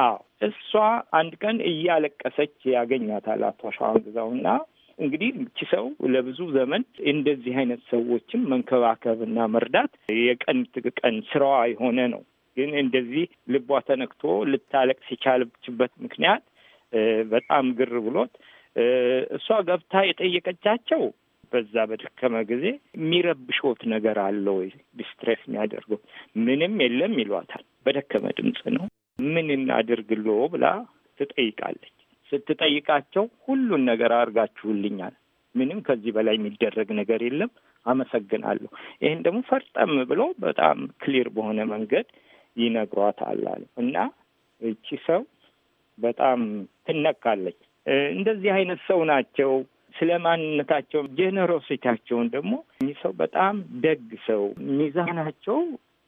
[SPEAKER 7] አዎ፣ እሷ አንድ ቀን እያለቀሰች ያገኛታል አቶ ሸዋንግዛው እና እንግዲህ ቺ ሰው ለብዙ ዘመን እንደዚህ አይነት ሰዎችን መንከባከብና መርዳት የቀን ቀን ስራዋ የሆነ ነው። ግን እንደዚህ ልቧ ተነክቶ ልታለቅ ሲቻልችበት ምክንያት በጣም ግር ብሎት እሷ ገብታ የጠየቀቻቸው በዛ በደከመ ጊዜ የሚረብሾት ነገር አለ ወይ ዲስትሬስ የሚያደርገው ምንም የለም ይሏታል። በደከመ ድምፅ ነው ምን እናድርግሎ ብላ ትጠይቃለች። ስትጠይቃቸው ሁሉን ነገር አድርጋችሁልኛል፣ ምንም ከዚህ በላይ የሚደረግ ነገር የለም፣ አመሰግናለሁ። ይህን ደግሞ ፈርጠም ብሎ በጣም ክሊር በሆነ መንገድ ይነግሯታል አሉ እና እቺ ሰው በጣም ትነካለች። እንደዚህ አይነት ሰው ናቸው። ስለ ማንነታቸው ጄኔሮሲታቸውን ደግሞ እኚህ ሰው በጣም ደግ ሰው፣ ሚዛናቸው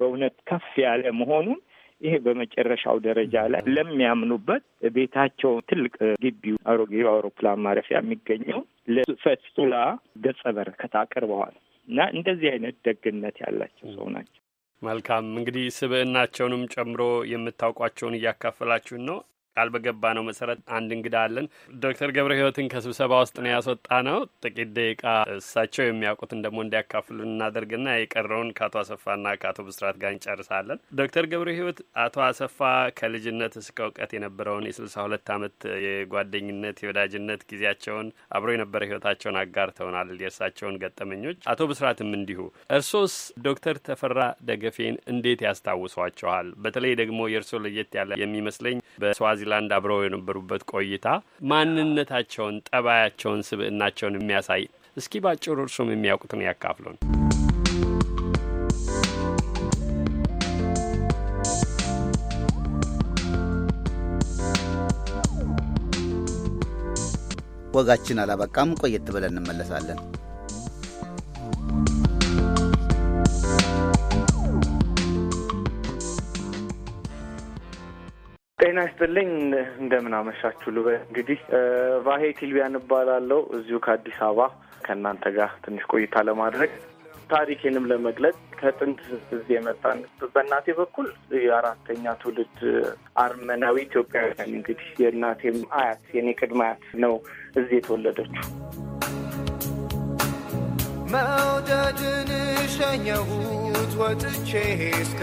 [SPEAKER 7] በእውነት ከፍ ያለ መሆኑን ይሄ በመጨረሻው ደረጃ ላይ ለሚያምኑበት ቤታቸው ትልቅ ግቢው አሮጌ አውሮፕላን ማረፊያ የሚገኘው ለፈቱላ ገጸ በረከት አቅርበዋል እና እንደዚህ አይነት ደግነት ያላቸው ሰው ናቸው።
[SPEAKER 2] መልካም እንግዲህ ስብዕናቸውንም ጨምሮ የምታውቋቸውን እያካፈላችሁን ነው። ቃል በገባ ነው መሰረት አንድ እንግዳ አለን። ዶክተር ገብረ ህይወትን ከስብሰባ ውስጥ ነው ያስወጣ ነው። ጥቂት ደቂቃ እሳቸው የሚያውቁትን ደግሞ እንዲያካፍሉ እናደርግና የቀረውን ከአቶ አሰፋና ከአቶ ብስራት ጋር እንጨርሳለን። ዶክተር ገብረ ህይወት አቶ አሰፋ ከልጅነት እስከ እውቀት የነበረውን የስልሳ ሁለት ዓመት የጓደኝነት የወዳጅነት ጊዜያቸውን አብሮ የነበረ ህይወታቸውን አጋርተውናል፣ የእርሳቸውን ገጠመኞች። አቶ ብስራትም እንዲሁ። እርሶስ ዶክተር ተፈራ ደገፌን እንዴት ያስታውሷቸዋል? በተለይ ደግሞ የእርሶ ለየት ያለ የሚመስለኝ በስዋዚ ኒውዚላንድ አብረው የነበሩበት ቆይታ ማንነታቸውን፣ ጠባያቸውን፣ ስብዕናቸውን የሚያሳይ እስኪ ባጭሩ እርሱም የሚያውቁትን ያካፍሉን።
[SPEAKER 1] ወጋችን አላበቃም። ቆየት ብለን እንመለሳለን።
[SPEAKER 7] ጤና ይስጥልኝ እንደምን አመሻችሁ ልበል። እንግዲህ ቫሄ ቲልቢያን እባላለሁ እዚሁ ከአዲስ አበባ ከእናንተ ጋር ትንሽ ቆይታ ለማድረግ ታሪኬንም ለመግለጽ ከጥንት እዚህ የመጣን በእናቴ በኩል የአራተኛ ትውልድ አርመናዊ ኢትዮጵያውያን እንግዲህ የእናቴም አያት የኔ ቅድመ አያት ነው እዚህ የተወለደችው።
[SPEAKER 5] መውደድን ሸኘሁት ወጥቼ እስከ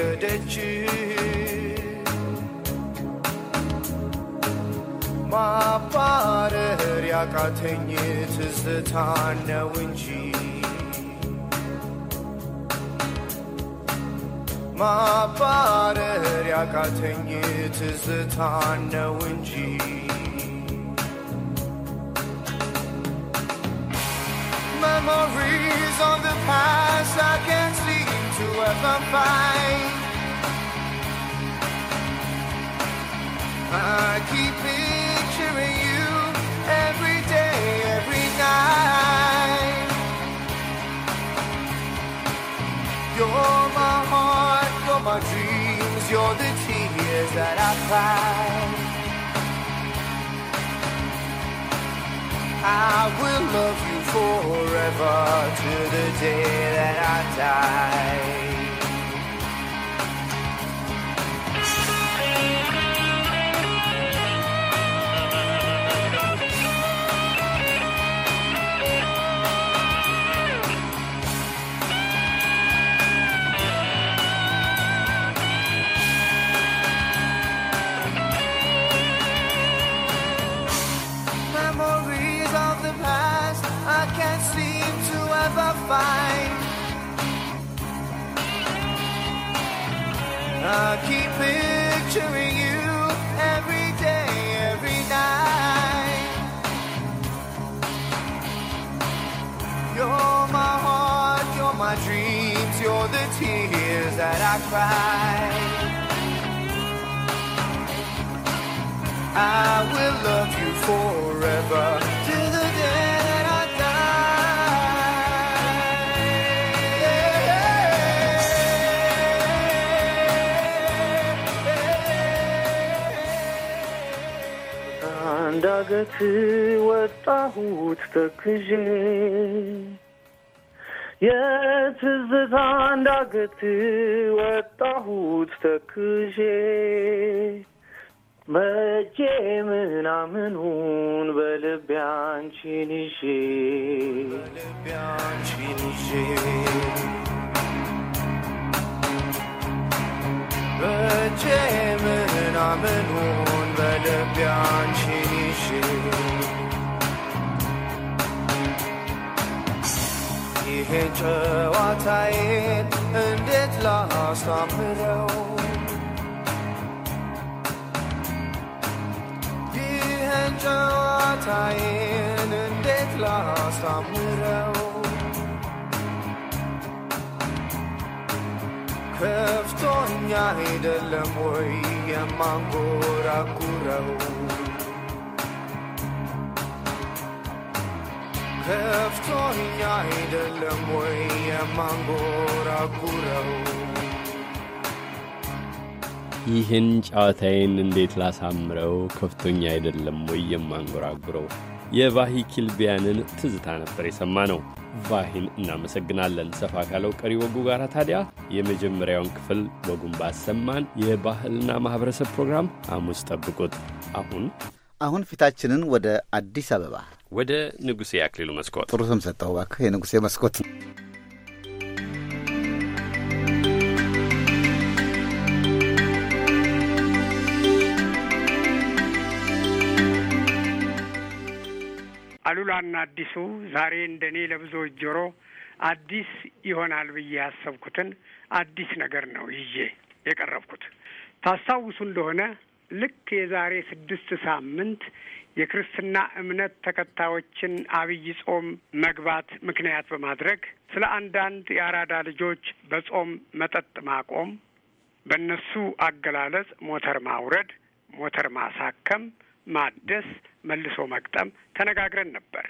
[SPEAKER 5] ማባረር ያቃተኝ ትዝታ ነው እንጂ ማባረር ያቃተኝ ትዝታ ነው እንጂ Memories of the past I can't seem to ever find I keep it every day, every night. You're my heart, you're my dreams, you're the tears that I cry. I will love you forever to the day that I die. find. I keep picturing you every day, every night. You're my heart, you're my dreams, you're the tears that I cry. I will love you forever. ዳገት ወጣሁት ተክዤ የትዝታን ዳገት ወጣሁት ተክዤ መቼ ምናምኑን በልቤ አንቺን ይዤ መቼ ምናምን ሆን በልቤ አንቺን ይሽል ይሄ ጨዋታዬን እንዴት ላሳምረው? ይህን ጨዋታዬን እንዴት ላሳምረው? ከፍቶኛ አይደለም ወይ የማንጎራጉረው? ከፍቶኛ አይደለም ወይ የማንጎራጉረው?
[SPEAKER 2] ይህን ጨዋታዬን እንዴት ላሳምረው? ከፍቶኛ አይደለም ወይ የማንጎራጉረው? የባሂ ኪልቢያንን ትዝታ ነበር የሰማ ነው። ቫሂን እናመሰግናለን። ሰፋ ካለው ቀሪ ወጉ ጋር ታዲያ የመጀመሪያውን ክፍል ወጉን ባሰማን የባህልና ማህበረሰብ ፕሮግራም ሐሙስ ጠብቁት። አሁን አሁን ፊታችንን ወደ አዲስ አበባ ወደ ንጉሴ አክሊሉ መስኮት ጥሩ ስም ሰጠሁ። እባክህ
[SPEAKER 1] የንጉሴ መስኮት
[SPEAKER 8] አሉላና አዲሱ ዛሬ እንደኔ ለብዙዎች ጆሮ አዲስ ይሆናል ብዬ ያሰብኩትን አዲስ ነገር ነው ይዤ የቀረብኩት። ታስታውሱ እንደሆነ ልክ የዛሬ ስድስት ሳምንት የክርስትና እምነት ተከታዮችን አብይ ጾም መግባት ምክንያት በማድረግ ስለ አንዳንድ የአራዳ ልጆች በጾም መጠጥ ማቆም፣ በእነሱ አገላለጽ ሞተር ማውረድ፣ ሞተር ማሳከም፣ ማደስ መልሶ መግጠም ተነጋግረን ነበር።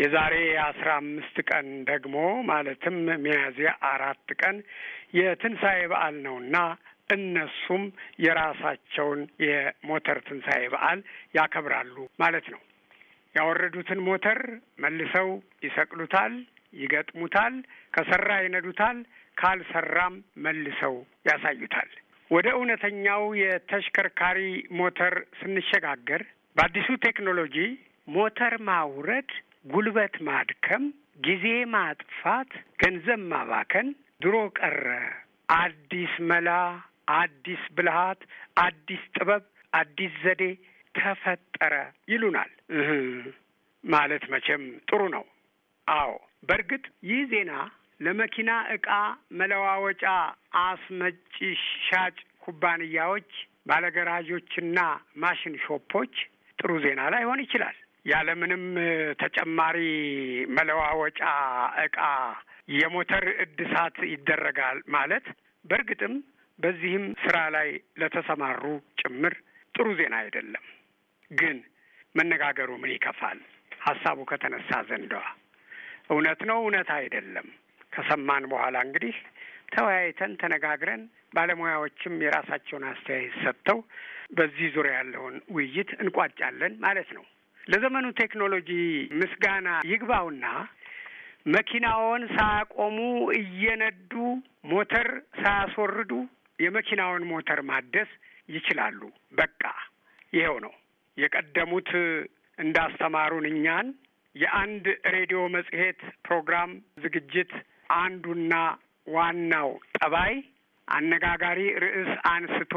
[SPEAKER 8] የዛሬ አስራ አምስት ቀን ደግሞ ማለትም ሚያዝያ አራት ቀን የትንሣኤ በዓል ነውና እነሱም የራሳቸውን የሞተር ትንሣኤ በዓል ያከብራሉ ማለት ነው። ያወረዱትን ሞተር መልሰው ይሰቅሉታል፣ ይገጥሙታል፣ ከሰራ ይነዱታል፣ ካልሰራም መልሰው ያሳዩታል። ወደ እውነተኛው የተሽከርካሪ ሞተር ስንሸጋገር በአዲሱ ቴክኖሎጂ ሞተር ማውረድ፣ ጉልበት ማድከም፣ ጊዜ ማጥፋት፣ ገንዘብ ማባከን ድሮ ቀረ። አዲስ መላ፣ አዲስ ብልሃት፣ አዲስ ጥበብ፣ አዲስ ዘዴ ተፈጠረ ይሉናል። ማለት መቼም ጥሩ ነው። አዎ፣ በእርግጥ ይህ ዜና ለመኪና ዕቃ መለዋወጫ አስመጪ ሻጭ ኩባንያዎች፣ ባለገራዦችና ማሽን ሾፖች ጥሩ ዜና ላይሆን ይችላል። ያለምንም ተጨማሪ መለዋወጫ እቃ የሞተር እድሳት ይደረጋል ማለት በእርግጥም በዚህም ስራ ላይ ለተሰማሩ ጭምር ጥሩ ዜና አይደለም። ግን መነጋገሩ ምን ይከፋል? ሀሳቡ ከተነሳ ዘንደዋ እውነት ነው እውነት አይደለም ከሰማን በኋላ እንግዲህ ተወያይተን ተነጋግረን ባለሙያዎችም የራሳቸውን አስተያየት ሰጥተው በዚህ ዙሪያ ያለውን ውይይት እንቋጫለን ማለት ነው። ለዘመኑ ቴክኖሎጂ ምስጋና ይግባውና መኪናውን ሳያቆሙ እየነዱ ሞተር ሳያስወርዱ የመኪናውን ሞተር ማደስ ይችላሉ። በቃ ይኸው ነው። የቀደሙት እንዳስተማሩን እኛን የአንድ ሬዲዮ መጽሔት ፕሮግራም ዝግጅት አንዱና ዋናው ጠባይ አነጋጋሪ ርዕስ አንስቶ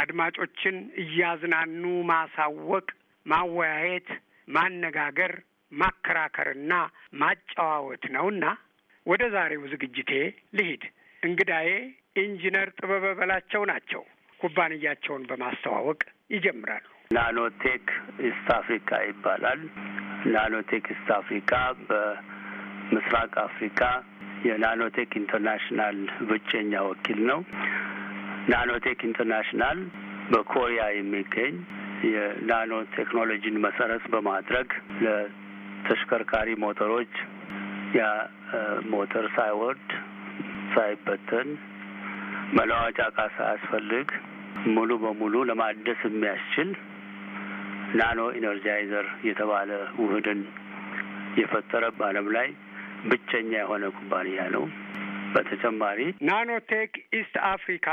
[SPEAKER 8] አድማጮችን እያዝናኑ ማሳወቅ፣ ማወያየት፣ ማነጋገር፣ ማከራከርና ማጨዋወት ነውና ወደ ዛሬው ዝግጅቴ ልሂድ። እንግዳዬ ኢንጂነር ጥበበ በላቸው ናቸው። ኩባንያቸውን በማስተዋወቅ ይጀምራሉ።
[SPEAKER 9] ናኖቴክ ኢስት አፍሪካ ይባላል። ናኖቴክ ኢስት አፍሪካ በምስራቅ አፍሪካ የናኖቴክ ኢንተርናሽናል ብቸኛ ወኪል ነው። ናኖቴክ ኢንተርናሽናል በኮሪያ የሚገኝ የናኖ ቴክኖሎጂን መሰረት በማድረግ ለተሽከርካሪ ሞተሮች ያ ሞተር ሳይወርድ ሳይበተን መለዋወጫ ዕቃ ሳያስፈልግ ሙሉ በሙሉ ለማደስ የሚያስችል ናኖ ኢነርጃይዘር የተባለ ውህድን የፈጠረ በዓለም ላይ ብቸኛ የሆነ ኩባንያ ነው። በተጨማሪ ናኖቴክ ኢስት አፍሪካ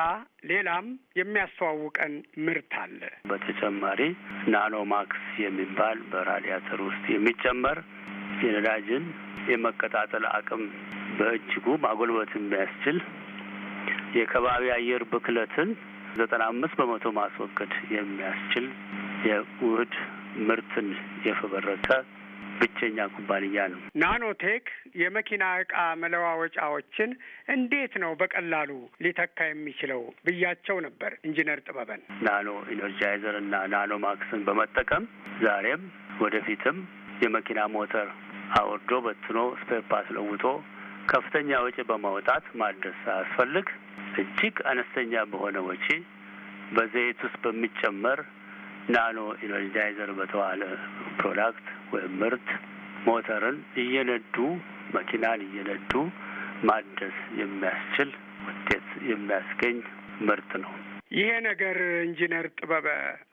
[SPEAKER 9] ሌላም የሚያስተዋውቀን ምርት አለ። በተጨማሪ ናኖማክስ የሚባል በራዲያተር ውስጥ የሚጨመር የነዳጅን የመቀጣጠል አቅም በእጅጉ ማጎልበት የሚያስችል የከባቢ አየር ብክለትን ዘጠና አምስት በመቶ ማስወገድ የሚያስችል የውህድ ምርትን የፈበረከ ብቸኛ ኩባንያ ነው። ናኖቴክ
[SPEAKER 8] የመኪና እቃ መለዋወጫዎችን እንዴት ነው በቀላሉ ሊተካ የሚችለው ብያቸው ነበር ኢንጂነር ጥበበን። ናኖ
[SPEAKER 9] ኢነርጃይዘር እና ናኖ ማክስን በመጠቀም ዛሬም ወደፊትም የመኪና ሞተር አውርዶ በትኖ ስፔር ፓስ ለውጦ ከፍተኛ ወጪ በማውጣት ማደስ ሳያስፈልግ እጅግ አነስተኛ በሆነ ወጪ በዘይት ውስጥ በሚጨመር ናኖ ኢነርጃይዘር በተባለ ፕሮዳክት ወይም ምርት ሞተርን እየነዱ መኪናን እየነዱ ማደስ የሚያስችል ውጤት የሚያስገኝ ምርት ነው። ይሄ ነገር ኢንጂነር ጥበበ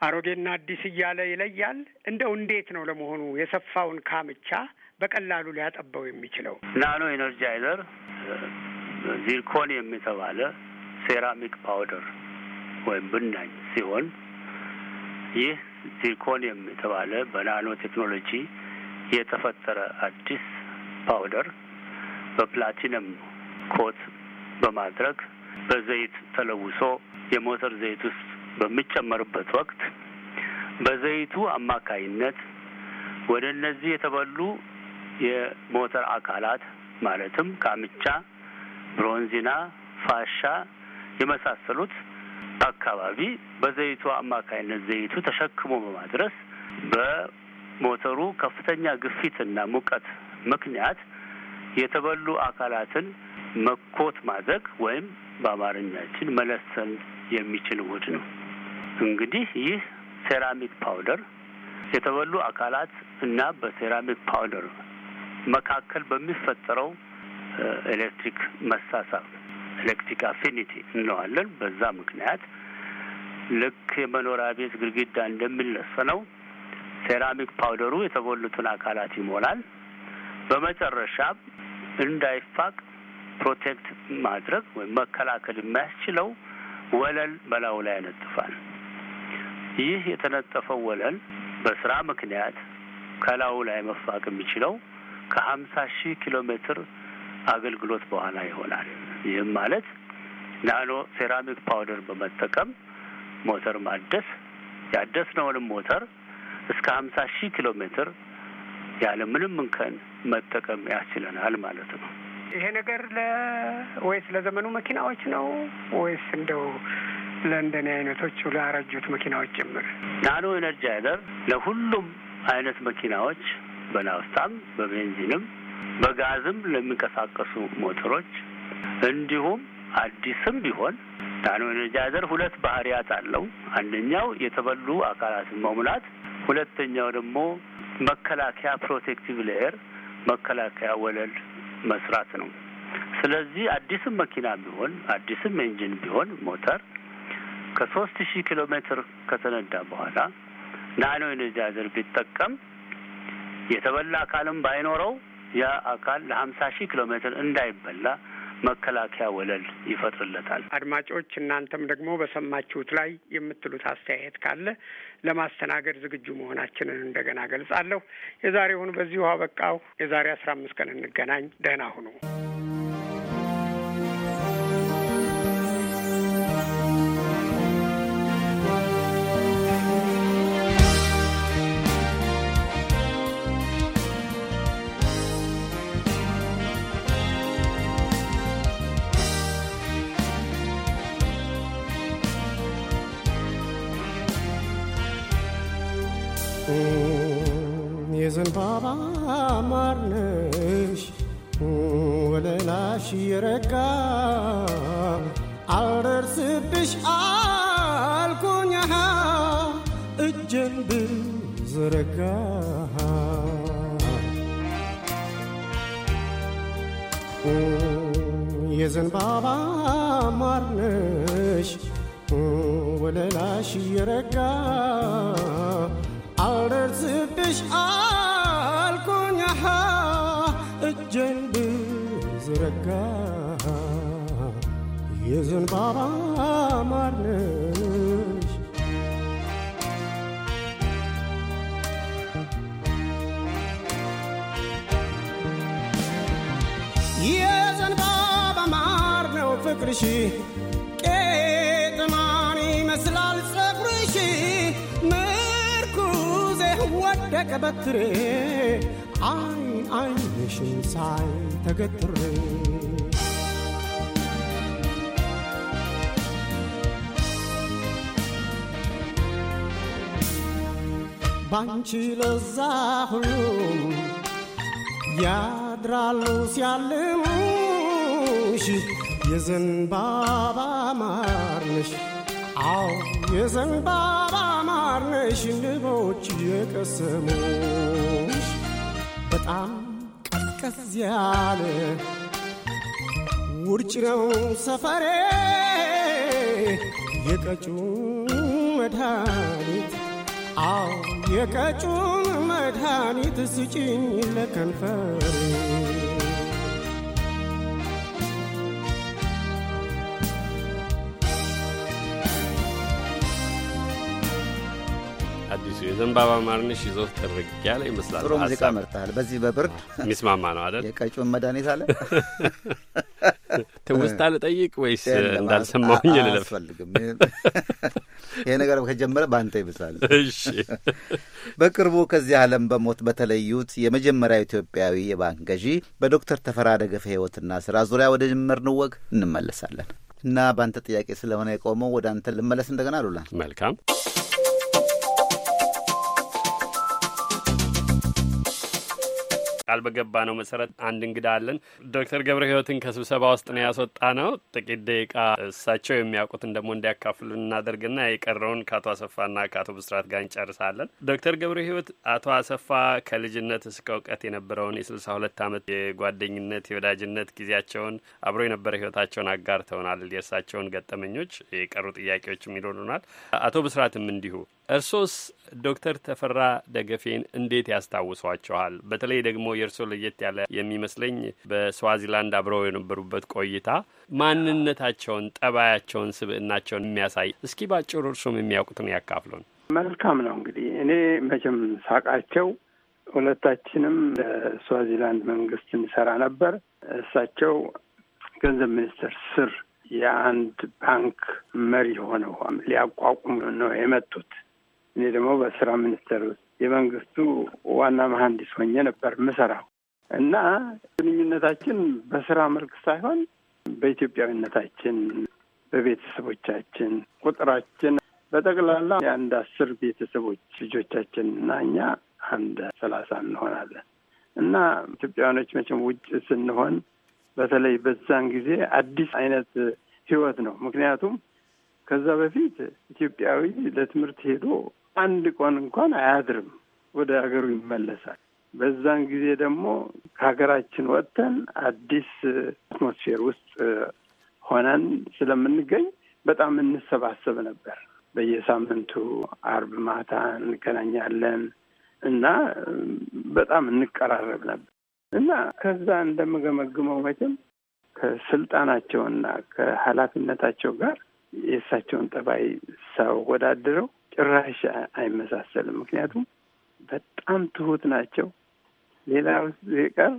[SPEAKER 8] አሮጌና አዲስ እያለ ይለያል። እንደው እንዴት ነው ለመሆኑ የሰፋውን ካምቻ በቀላሉ ሊያጠባው የሚችለው?
[SPEAKER 9] ናኖ ኤነርጃይዘር ዚርኮን የተባለ ሴራሚክ ፓውደር ወይም ብናኝ ሲሆን ይህ ዚርኮኒየም የተባለ በናኖ ቴክኖሎጂ የተፈጠረ አዲስ ፓውደር በፕላቲነም ኮት በማድረግ በዘይት ተለውሶ የሞተር ዘይት ውስጥ በሚጨመርበት ወቅት በዘይቱ አማካይነት ወደ እነዚህ የተበሉ የሞተር አካላት ማለትም ካምቻ፣ ብሮንዚና፣ ፋሻ የመሳሰሉት አካባቢ በዘይቱ አማካይነት ዘይቱ ተሸክሞ በማድረስ በሞተሩ ከፍተኛ ግፊትና ሙቀት ምክንያት የተበሉ አካላትን መኮት ማድረግ ወይም በአማርኛችን መለሰን የሚችል ውድ ነው። እንግዲህ ይህ ሴራሚክ ፓውደር የተበሉ አካላት እና በሴራሚክ ፓውደር መካከል በሚፈጠረው ኤሌክትሪክ መሳሳብ ኤሌክትሪክ አፊኒቲ እንለዋለን። በዛ ምክንያት ልክ የመኖሪያ ቤት ግድግዳ ነው። ሴራሚክ ፓውደሩ የተጎሉትን አካላት ይሞላል። በመጨረሻ እንዳይፋቅ ፕሮቴክት ማድረግ ወይም መከላከል የሚያስችለው ወለል በላዩ ላይ ያነጥፋል። ይህ የተነጠፈው ወለል በስራ ምክንያት ከላዩ ላይ መፋቅ የሚችለው ከሀምሳ ሺህ ኪሎ ሜትር አገልግሎት በኋላ ይሆናል። ይህም ማለት ናኖ ሴራሚክ ፓውደር በመጠቀም ሞተር ማደስ ያደስነውንም ሞተር እስከ ሀምሳ ሺህ ኪሎ ሜትር ያለ ምንም እንከን መጠቀም ያስችለናል ማለት ነው። ይሄ ነገር ወይስ
[SPEAKER 8] ለዘመኑ መኪናዎች ነው ወይስ እንደው ለእንደኔ አይነቶቹ ላረጁት መኪናዎች
[SPEAKER 9] ጭምር? ናኖ አይደር ለሁሉም አይነት መኪናዎች በናፍታም በቤንዚንም በጋዝም ለሚንቀሳቀሱ ሞተሮች እንዲሁም አዲስም ቢሆን ናኖኔጃዘር ሁለት ባህሪያት አለው። አንደኛው የተበሉ አካላትን መሙላት፣ ሁለተኛው ደግሞ መከላከያ ፕሮቴክቲቭ ሌየር መከላከያ ወለል መስራት ነው። ስለዚህ አዲስም መኪና ቢሆን አዲስም ኤንጂን ቢሆን ሞተር ከሶስት ሺህ ኪሎ ሜትር ከተነዳ በኋላ ናኖ ኤነርጃይዘር ቢጠቀም የተበላ አካልም ባይኖረው ያ አካል ለሀምሳ ሺህ ኪሎ ሜትር እንዳይበላ መከላከያ ወለል ይፈጥርለታል።
[SPEAKER 8] አድማጮች እናንተም ደግሞ በሰማችሁት ላይ የምትሉት አስተያየት ካለ ለማስተናገድ ዝግጁ መሆናችንን እንደገና ገልጻለሁ። የዛሬውን በዚሁ አበቃው። የዛሬ አስራ አምስት ቀን እንገናኝ። ደህና ሁኑ።
[SPEAKER 6] የዘንባባ ማርነሽ ወለላሽ የረጋ አልደርስብሽ አልኩኝ እጄን ብዘረጋ የዘንባባ ማርነሽ ወለላሽ የረጋ አልደርስብሽ አ እጄን ብዘረጋ የዘንባባ ማርነሽ የዘንባባ ማር ነው ፍቅርሽ ቄጥማን ይመስላል ጸጉርሽ ምርኩዜ ወደቀ በትሬ አይ ዓይንሽን ሳይ ተገትሬ ባንቺ ለዛ ሁሉም ያድራሉ ሲያልሙሽ የዘንባባ ማርነሽ አዎ የዘንባባ ማርነሽ ንቦች የቀሰሙ በጣም ቀዝቀዝ ያለ ውርጭ ነው ሰፈሬ የቀጩ መድኃኒት አው የቀጩ መድኃኒት ስጭኝ ለከንፈሬ
[SPEAKER 2] እንደዚሁ የዘንባባ ማርንሽ ይዞ ተረግ ያለ ይመስላል። ጥሩ ሙዚቃ መርጠሃል። በዚህ በብርድ የሚስማማ ነው
[SPEAKER 1] አይደል? የቀጩን መድኃኒት አለ ትውስታ ልጠይቅ ወይስ እንዳልሰማሁኝ ልለፍ? አያስፈልግም። ይሄ ነገር ከጀመረ በአንተ ይብሳል። እሺ። በቅርቡ ከዚህ ዓለም በሞት በተለዩት የመጀመሪያው ኢትዮጵያዊ የባንክ ገዢ በዶክተር ተፈራ ደገፈ ሕይወትና ስራ ዙሪያ ወደ ጀመርነው ወግ እንመለሳለን እና በአንተ ጥያቄ ስለሆነ የቆመው ወደ አንተ ልመለስ እንደገና አሉላ። መልካም
[SPEAKER 2] ቃል በገባ ነው መሰረት አንድ እንግዳ አለን። ዶክተር ገብረ ህይወትን ከስብሰባ ውስጥ ነው ያስወጣ ነው። ጥቂት ደቂቃ እሳቸው የሚያውቁትን ደግሞ እንዲያካፍሉ እናደርግና የቀረውን ከአቶ አሰፋና ከአቶ ብስራት ጋር እንጨርሳለን። ዶክተር ገብረ ህይወት አቶ አሰፋ ከልጅነት እስከ እውቀት የነበረውን የስልሳ ሁለት ዓመት የጓደኝነት የወዳጅነት ጊዜያቸውን አብሮ የነበረ ህይወታቸውን አጋርተውናል። የእርሳቸውን ገጠመኞች የቀሩ ጥያቄዎችም ይኖሩናል። አቶ ብስራትም እንዲሁ እርሶስ ዶክተር ተፈራ ደገፌን እንዴት ያስታውሷቸዋል? በተለይ ደግሞ የእርሶ ለየት ያለ የሚመስለኝ በስዋዚላንድ አብረው የነበሩበት ቆይታ ማንነታቸውን፣ ጠባያቸውን፣ ስብዕናቸውን የሚያሳይ እስኪ ባጭሩ እርሶም የሚያውቁትን ያካፍሉን።
[SPEAKER 10] መልካም ነው እንግዲህ እኔ መቼም ሳቃቸው ሁለታችንም ለስዋዚላንድ መንግስት እንሰራ ነበር። እሳቸው ገንዘብ ሚኒስቴር ስር የአንድ ባንክ መሪ ሆነው ሊያቋቁሙ ነው የመጡት እኔ ደግሞ በስራ ሚኒስቴር ውስጥ የመንግስቱ ዋና መሀንዲስ ሆኜ ነበር ምሰራው እና ግንኙነታችን በስራ መልክ ሳይሆን በኢትዮጵያዊነታችን፣ በቤተሰቦቻችን ቁጥራችን በጠቅላላ የአንድ አስር ቤተሰቦች ልጆቻችን እና እኛ አንድ ሰላሳ እንሆናለን እና ኢትዮጵያውያኖች መቼም ውጭ ስንሆን በተለይ በዛን ጊዜ አዲስ አይነት ህይወት ነው። ምክንያቱም ከዛ በፊት ኢትዮጵያዊ ለትምህርት ሄዶ አንድ ቀን እንኳን አያድርም፣ ወደ ሀገሩ ይመለሳል። በዛን ጊዜ ደግሞ ከሀገራችን ወጥተን አዲስ አትሞስፌር ውስጥ ሆነን ስለምንገኝ በጣም እንሰባሰብ ነበር። በየሳምንቱ አርብ ማታ እንገናኛለን እና በጣም እንቀራረብ ነበር እና ከዛ እንደምገመግመው መቼም ከስልጣናቸውና ከኃላፊነታቸው ጋር የእሳቸውን ጠባይ ሳወዳድረው ጭራሽ አይመሳሰልም። ምክንያቱም በጣም ትሁት ናቸው። ሌላ ቀር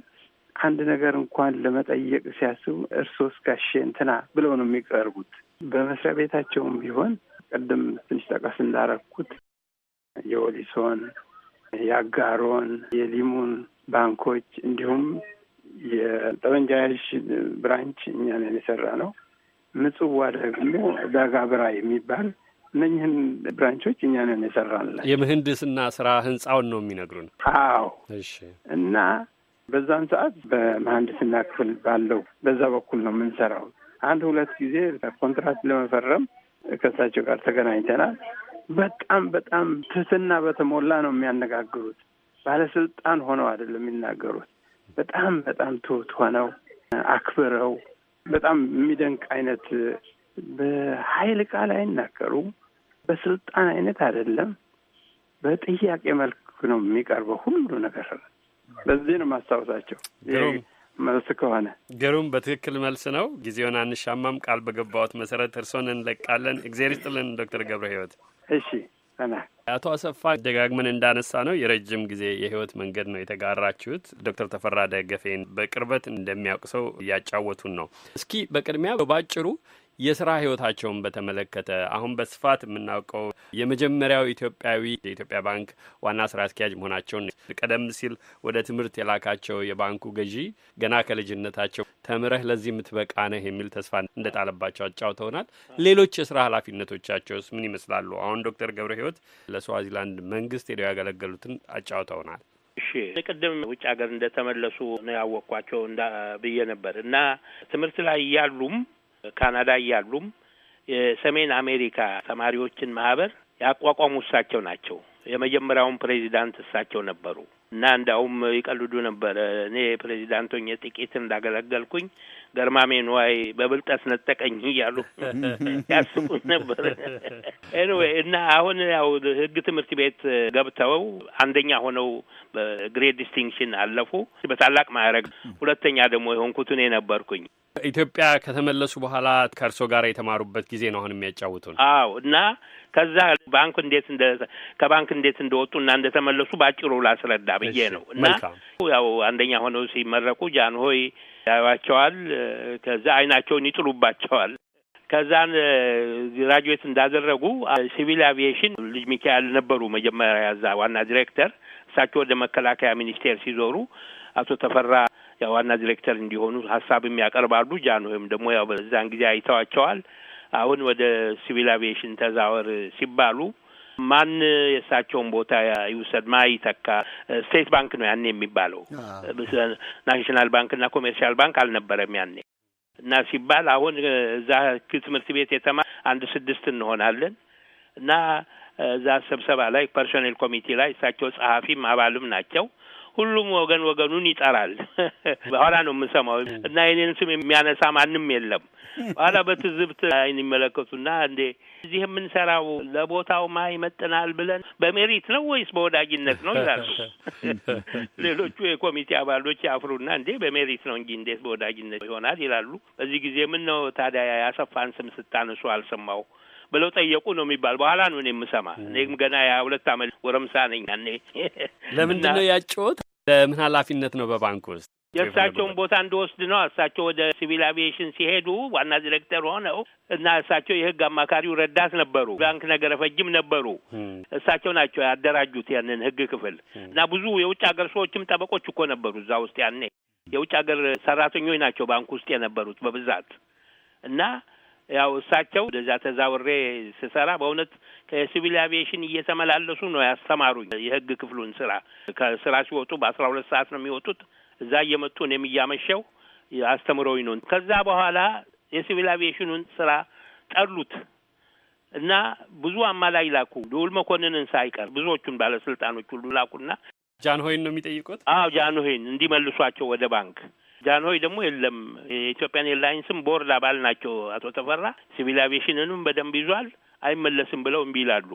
[SPEAKER 10] አንድ ነገር እንኳን ለመጠየቅ ሲያስቡ እርሶስ እስካሼ እንትና ብለው ነው የሚቀርቡት። በመስሪያ ቤታቸውም ቢሆን ቅድም ትንሽ ጠቀስ እንዳረኩት የወሊሶን፣ የአጋሮን፣ የሊሙን ባንኮች እንዲሁም የጠመንጃ ያዥ ብራንች እኛን የሰራ ነው ምጽዋ ደግሞ ዳጋብራ የሚባል እነኝህን ብራንቾች እኛ ነን
[SPEAKER 2] የምህንድስና ስራ ህንፃውን ነው የሚነግሩን? አዎ። እሺ። እና
[SPEAKER 10] በዛን ሰዓት በመሀንድስና ክፍል ባለው በዛ በኩል ነው የምንሰራው። አንድ ሁለት ጊዜ ኮንትራት ለመፈረም ከእሳቸው ጋር ተገናኝተናል። በጣም በጣም ትህትና በተሞላ ነው የሚያነጋግሩት። ባለስልጣን ሆነው አይደለም የሚናገሩት። በጣም በጣም ትሁት ሆነው አክብረው በጣም የሚደንቅ አይነት በኃይል ቃል አይናገሩ በስልጣን አይነት አይደለም። በጥያቄ መልክ ነው የሚቀርበው ሁሉ ነገር። በዚህ ነው ማስታወሳቸው መልስ ከሆነ
[SPEAKER 2] ግሩም በትክክል መልስ ነው። ጊዜውን አንሻማም። ቃል በገባዎት መሰረት እርስዎን እንለቃለን። እግዜር ይስጥልን ዶክተር ገብረ ህይወት። እሺ አቶ አሰፋ ደጋግመን እንዳነሳ ነው የረጅም ጊዜ የህይወት መንገድ ነው የተጋራችሁት። ዶክተር ተፈራ ደገፌን በቅርበት እንደሚያውቅ ሰው እያጫወቱን ነው። እስኪ በቅድሚያ በባጭሩ የስራ ህይወታቸውን በተመለከተ አሁን በስፋት የምናውቀው የመጀመሪያው ኢትዮጵያዊ የኢትዮጵያ ባንክ ዋና ስራ አስኪያጅ መሆናቸውን ቀደም ሲል ወደ ትምህርት የላካቸው የባንኩ ገዢ ገና ከልጅነታቸው ተምረህ ለዚህ የምትበቃ ነህ የሚል ተስፋ እንደጣለባቸው አጫውተውናል። ሌሎች የስራ ኃላፊነቶቻቸውስ ምን ይመስላሉ? አሁን ዶክተር ገብረ ህይወት ለስዋዚላንድ መንግስት ሄደው ያገለገሉትን አጫውተውናል።
[SPEAKER 3] እሺ ቅድም ውጭ ሀገር እንደተመለሱ ነው ያወቅኳቸው ብዬ ነበር እና ትምህርት ላይ ያሉም ካናዳ እያሉም የሰሜን አሜሪካ ተማሪዎችን ማህበር ያቋቋሙ እሳቸው ናቸው። የመጀመሪያውን ፕሬዚዳንት እሳቸው ነበሩ እና እንዳውም ይቀልዱ ነበረ። እኔ ፕሬዚዳንቶኝ ጥቂት እንዳገለገልኩኝ ገርማሜ ነዋይ በብልጠት ነጠቀኝ እያሉ ያስቡ ነበር። ኤኒዌይ እና አሁን ያው ህግ ትምህርት ቤት ገብተው አንደኛ ሆነው በግሬድ ዲስቲንክሽን አለፉ። በታላቅ ማዕረግ ሁለተኛ ደግሞ የሆንኩት እኔ ነበርኩኝ።
[SPEAKER 2] ኢትዮጵያ ከተመለሱ በኋላ ከእርሶ ጋር የተማሩበት ጊዜ ነው አሁን የሚያጫውቱን?
[SPEAKER 3] አዎ እና ከዛ ባንክ እንዴት እንደ ከባንክ እንዴት እንደወጡ እና እንደተመለሱ በአጭሩ ላስረዳ ብዬ ነው እና ያው አንደኛ ሆነው ሲመረቁ ጃንሆይ ያዩቸዋል። ከዛ አይናቸውን ይጥሉባቸዋል። ከዛን ግራጁዌት እንዳደረጉ ሲቪል አቪዬሽን ልጅ ሚካኤል ነበሩ መጀመሪያ እዛ ዋና ዲሬክተር። እሳቸው ወደ መከላከያ ሚኒስቴር ሲዞሩ አቶ ተፈራ ዋና ዲሬክተር እንዲሆኑ ሀሳብም ያቀርባሉ። ጃን ወይም ደግሞ ያው በዛን ጊዜ አይተዋቸዋል። አሁን ወደ ሲቪል አቪዬሽን ተዛወር ሲባሉ ማን የእሳቸውን ቦታ ይውሰድ ማ ይተካ? ስቴት ባንክ ነው ያኔ የሚባለው ናሽናል ባንክና ኮሜርሻል ባንክ አልነበረም ያኔ እና ሲባል አሁን እዛ ትምህርት ቤት የተማ አንድ ስድስት እንሆናለን እና እዛ ስብሰባ ላይ ፐርሶኔል ኮሚቴ ላይ እሳቸው ጸሐፊም አባልም ናቸው። ሁሉም ወገን ወገኑን ይጠራል። በኋላ ነው የምሰማው እና የኔን ስም የሚያነሳ ማንም የለም። በኋላ በትዝብት አይን ይመለከቱና እንዴ እዚህ የምንሰራው ለቦታው ማ ይመጥናል ብለን በሜሪት ነው ወይስ በወዳጅነት ነው ይላሉ። ሌሎቹ የኮሚቴ አባሎች ያፍሩና እንዴ በሜሪት ነው እንጂ እንዴት በወዳጅነት ይሆናል ይላሉ። በዚህ ጊዜ ምን ነው ታዲያ ያሰፋን ስም ስታነሱ አልሰማው ብለው ጠየቁ ነው የሚባል። በኋላ ነው እኔ የምሰማ። እኔም ገና የሀያ ሁለት አመት ወረምሳ ነኝ። ያኔ ለምንድን ነው
[SPEAKER 2] ያጭወት? ለምን ኃላፊነት ነው በባንክ ውስጥ የእሳቸውን
[SPEAKER 3] ቦታ እንደወስድ ነው። እሳቸው ወደ ሲቪል አቪዬሽን ሲሄዱ ዋና ዲሬክተር ሆነው እና እሳቸው የህግ አማካሪው ረዳት ነበሩ። ባንክ ነገረ ፈጅም ነበሩ። እሳቸው ናቸው ያደራጁት ያንን ህግ ክፍል እና ብዙ የውጭ ሀገር ሰዎችም ጠበቆች እኮ ነበሩ እዛ ውስጥ። ያኔ የውጭ ሀገር ሰራተኞች ናቸው ባንክ ውስጥ የነበሩት በብዛት እና ያው እሳቸው ወደዛ ተዛውሬ ስሰራ በእውነት ከሲቪል አቪዬሽን እየተመላለሱ ነው ያስተማሩኝ የህግ ክፍሉን ስራ። ከስራ ሲወጡ በአስራ ሁለት ሰዓት ነው የሚወጡት እዛ እየመጡ እኔም እያመሸው አስተምረውኝ ነው። ከዛ በኋላ የሲቪል አቪዬሽኑን ስራ ጠሉት እና ብዙ አማላይ ላኩ። ልዑል መኮንንን ሳይቀር ብዙዎቹን ባለስልጣኖች ሁሉ ላኩና ጃንሆይን ነው የሚጠይቁት። አዎ ጃንሆይን እንዲመልሷቸው ወደ ባንክ። ጃንሆይ ደግሞ የለም የኢትዮጵያን ኤርላይንስም ቦርድ አባል ናቸው አቶ ተፈራ፣ ሲቪል አቪዬሽንንም በደንብ ይዟል አይመለስም ብለው እምቢ ይላሉ።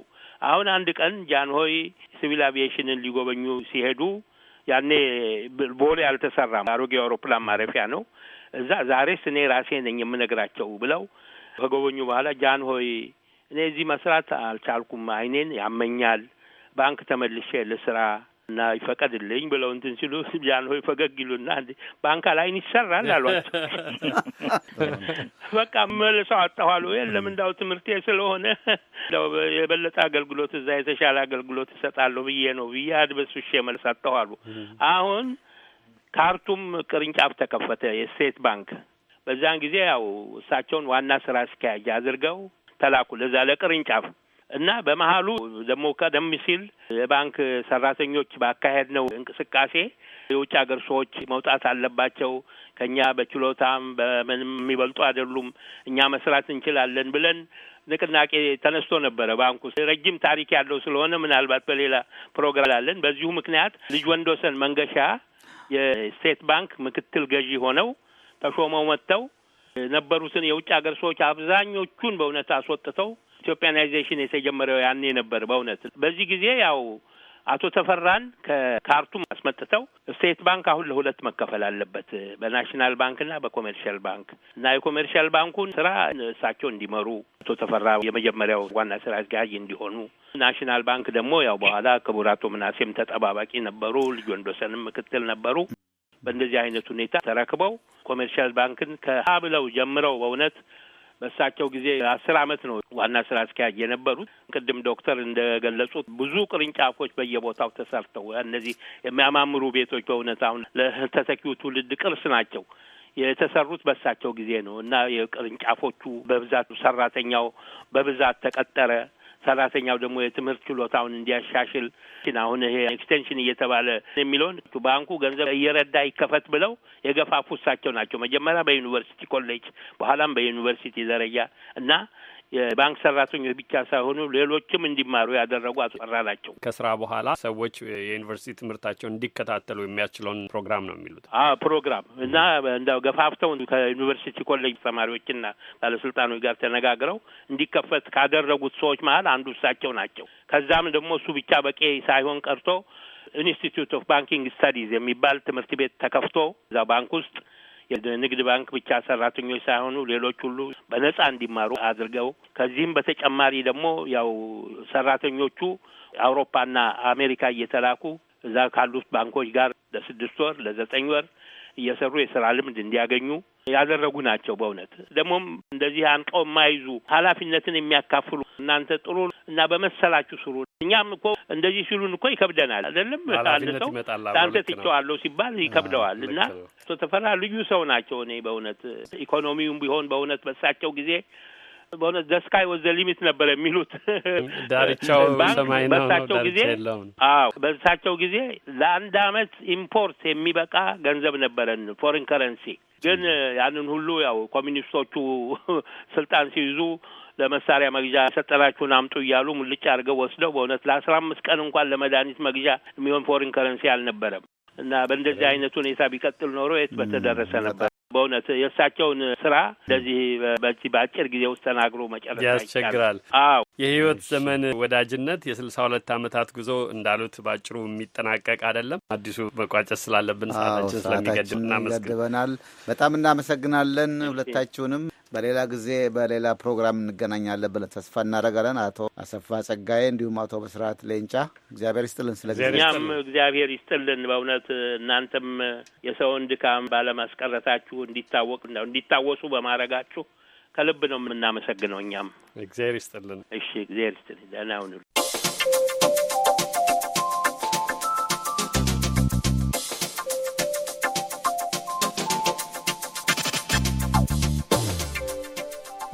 [SPEAKER 3] አሁን አንድ ቀን ጃንሆይ ሲቪል አቪዬሽንን ሊጎበኙ ሲሄዱ ያኔ ቦሌ አልተሰራም፣ አሮጌ አውሮፕላን ማረፊያ ነው። እዛ ዛሬስ እኔ ራሴ ነኝ የምነግራቸው ብለው ከጎበኙ በኋላ ጃን ሆይ እኔ እዚህ መስራት አልቻልኩም፣ አይኔን ያመኛል፣ ባንክ ተመልሼ ልስራ እና ይፈቀድልኝ ብለው እንትን ሲሉ ጃን ሆይ ፈገግ ይሉና ባንክ ላይን ይሰራል አሏቸው። በቃ መልሰው አጣኋሉ። የለም እንዳው ትምህርቴ ስለሆነ የበለጠ አገልግሎት እዛ የተሻለ አገልግሎት እሰጣለሁ ብዬ ነው ብዬ አድበስብሼ መልስ አጣኋሉ። አሁን ካርቱም ቅርንጫፍ ተከፈተ የስቴት ባንክ። በዛን ጊዜ ያው እሳቸውን ዋና ስራ አስኪያጅ አድርገው ተላኩ ለዛ ለቅርንጫፍ እና በመሀሉ ደግሞ ቀደም ሲል የባንክ ሰራተኞች ባካሄድ ነው እንቅስቃሴ የውጭ ሀገር ሰዎች መውጣት አለባቸው፣ ከእኛ በችሎታም በምንም የሚበልጡ አይደሉም፣ እኛ መስራት እንችላለን ብለን ንቅናቄ ተነስቶ ነበረ። ባንኩ ረጅም ታሪክ ያለው ስለሆነ ምናልባት በሌላ ፕሮግራም አለን። በዚሁ ምክንያት ልጅ ወንዶሰን መንገሻ የስቴት ባንክ ምክትል ገዢ ሆነው ተሾመው መጥተው የነበሩትን የውጭ ሀገር ሰዎች አብዛኞቹን በእውነት አስወጥተው ኢትዮጵያናይዜሽን የተጀመረው ያኔ ነበር። በእውነት በዚህ ጊዜ ያው አቶ ተፈራን ከካርቱም አስመጥተው ስቴት ባንክ አሁን ለሁለት መከፈል አለበት በናሽናል ባንክና በኮሜርሻል ባንክ እና የኮሜርሻል ባንኩን ስራ እሳቸው እንዲመሩ አቶ ተፈራ የመጀመሪያው ዋና ስራ አስኪያጅ እንዲሆኑ፣ ናሽናል ባንክ ደግሞ ያው በኋላ ክቡር አቶ ምናሴም ተጠባባቂ ነበሩ፣ ልጅ ወንዶሰንም ምክትል ነበሩ። በእንደዚህ አይነት ሁኔታ ተረክበው ኮሜርሻል ባንክን ከሀ ብለው ጀምረው በእውነት በእሳቸው ጊዜ አስር አመት ነው ዋና ስራ አስኪያጅ የነበሩት። ቅድም ዶክተር እንደገለጹት ብዙ ቅርንጫፎች በየቦታው ተሰርተው እነዚህ የሚያማምሩ ቤቶች በእውነት አሁን ለተተኪው ትውልድ ቅርስ ናቸው የተሰሩት በእሳቸው ጊዜ ነው እና የቅርንጫፎቹ በብዛት ሰራተኛው በብዛት ተቀጠረ። ሰራተኛው ደግሞ የትምህርት ችሎታውን እንዲያሻሽል አሁን ይሄ ኤክስቴንሽን እየተባለ የሚለውን ባንኩ ገንዘብ እየረዳ ይከፈት ብለው የገፋፉ እሳቸው ናቸው። መጀመሪያ በዩኒቨርሲቲ ኮሌጅ፣ በኋላም በዩኒቨርሲቲ ደረጃ እና የባንክ ሰራተኞች ብቻ ሳይሆኑ ሌሎችም እንዲማሩ ያደረጉ አቶ ናቸው።
[SPEAKER 2] ከስራ በኋላ ሰዎች የዩኒቨርሲቲ ትምህርታቸውን እንዲከታተሉ የሚያስችለውን ፕሮግራም ነው የሚሉት።
[SPEAKER 3] አዎ ፕሮግራም እና እንደ ገፋፍተው ከዩኒቨርሲቲ ኮሌጅ ተማሪዎችና ባለስልጣኖች ጋር ተነጋግረው እንዲከፈት ካደረጉት ሰዎች መሀል አንዱ እሳቸው ናቸው። ከዛም ደግሞ እሱ ብቻ በቂ ሳይሆን ቀርቶ ኢንስቲትዩት ኦፍ ባንኪንግ ስታዲዝ የሚባል ትምህርት ቤት ተከፍቶ እዛ ባንክ ውስጥ የንግድ ባንክ ብቻ ሰራተኞች ሳይሆኑ ሌሎች ሁሉ በነጻ እንዲማሩ አድርገው ከዚህም በተጨማሪ ደግሞ ያው ሰራተኞቹ አውሮፓና አሜሪካ እየተላኩ እዛ ካሉት ባንኮች ጋር ለስድስት ወር ለዘጠኝ ወር እየሰሩ የስራ ልምድ እንዲያገኙ ያደረጉ ናቸው። በእውነት ደግሞም እንደዚህ አንቀው የማይዙ ኃላፊነትን የሚያካፍሉ እናንተ ጥሩ እና በመሰላችሁ ስሩ። እኛም እኮ እንደዚህ ሲሉን እኮ ይከብደናል አይደለም። አንድ ሰው ለአንተ ትቼዋለሁ ሲባል ይከብደዋል እና አቶ ተፈራ ልዩ ሰው ናቸው። እኔ በእውነት ኢኮኖሚውም ቢሆን በእውነት በሳቸው ጊዜ በሆነ ዘስካይ ወዘ ሊሚት ነበር የሚሉት ዳርቻው ሰማይ ነው። በሳቸው ጊዜ አዎ፣ ጊዜ ለአንድ አመት ኢምፖርት የሚበቃ ገንዘብ ነበረን ፎሪን ከረንሲ። ግን ያንን ሁሉ ያው ኮሚኒስቶቹ ስልጣን ሲይዙ ለመሳሪያ መግዣ የሰጠናችሁን አምጡ እያሉ ሙልጭ አድርገው ወስደው በእውነት ለአስራ አምስት ቀን እንኳን ለመድኃኒት መግዣ የሚሆን ፎሪን ከረንሲ አልነበረም እና በእንደዚህ አይነት ሁኔታ ቢቀጥል ኖሮ የት በተደረሰ ነበር። በእውነት የእሳቸውን ስራ እንደዚህ በዚህ በአጭር ጊዜ ውስጥ ተናግሮ መጨረስ ያስቸግራል።
[SPEAKER 2] አዎ የህይወት ዘመን ወዳጅነት የስልሳ ሁለት አመታት ጉዞ እንዳሉት በአጭሩ የሚጠናቀቅ አይደለም። አዲሱ መቋጨት ስላለብን ሰዓታችን ስለሚገድብ እናመሰግናለን።
[SPEAKER 1] በጣም እናመሰግናለን ሁለታችሁንም። በሌላ ጊዜ በሌላ ፕሮግራም እንገናኛለን ብለን ተስፋ እናደርጋለን። አቶ አሰፋ ጸጋዬ እንዲሁም አቶ በስርዓት ሌንጫ እግዚአብሔር ይስጥልን። ስለ እኛም
[SPEAKER 3] እግዚአብሔር ይስጥልን። በእውነት እናንተም የሰውን ድካም ባለማስቀረታችሁ እንዲታወቅ እንዲታወሱ በማድረጋችሁ ከልብ ነው የምናመሰግነው። እኛም እግዚአብሔር ይስጥልን። እሺ፣ እግዚአብሔር ይስጥልን። ደህና ሁኑ።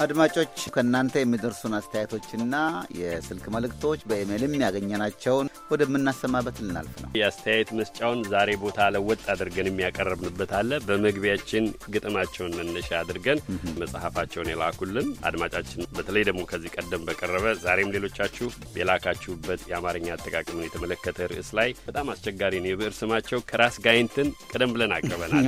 [SPEAKER 1] አድማጮች ከእናንተ የሚደርሱን አስተያየቶችና የስልክ መልእክቶች በኢሜይልም ያገኘናቸውን ወደምናሰማበት ልናልፍ
[SPEAKER 2] ነው። የአስተያየት መስጫውን ዛሬ ቦታ ለወጥ አድርገን የሚያቀረብንበት አለ። በመግቢያችን ግጥማቸውን መነሻ አድርገን መጽሐፋቸውን የላኩልን አድማጫችን፣ በተለይ ደግሞ ከዚህ ቀደም በቀረበ ዛሬም ሌሎቻችሁ የላካችሁበት የአማርኛ አጠቃቀምን የተመለከተ ርዕስ ላይ በጣም አስቸጋሪ ነው። የብዕር ስማቸው ከራስ ጋይንትን ቀደም ብለን አቅርበናል።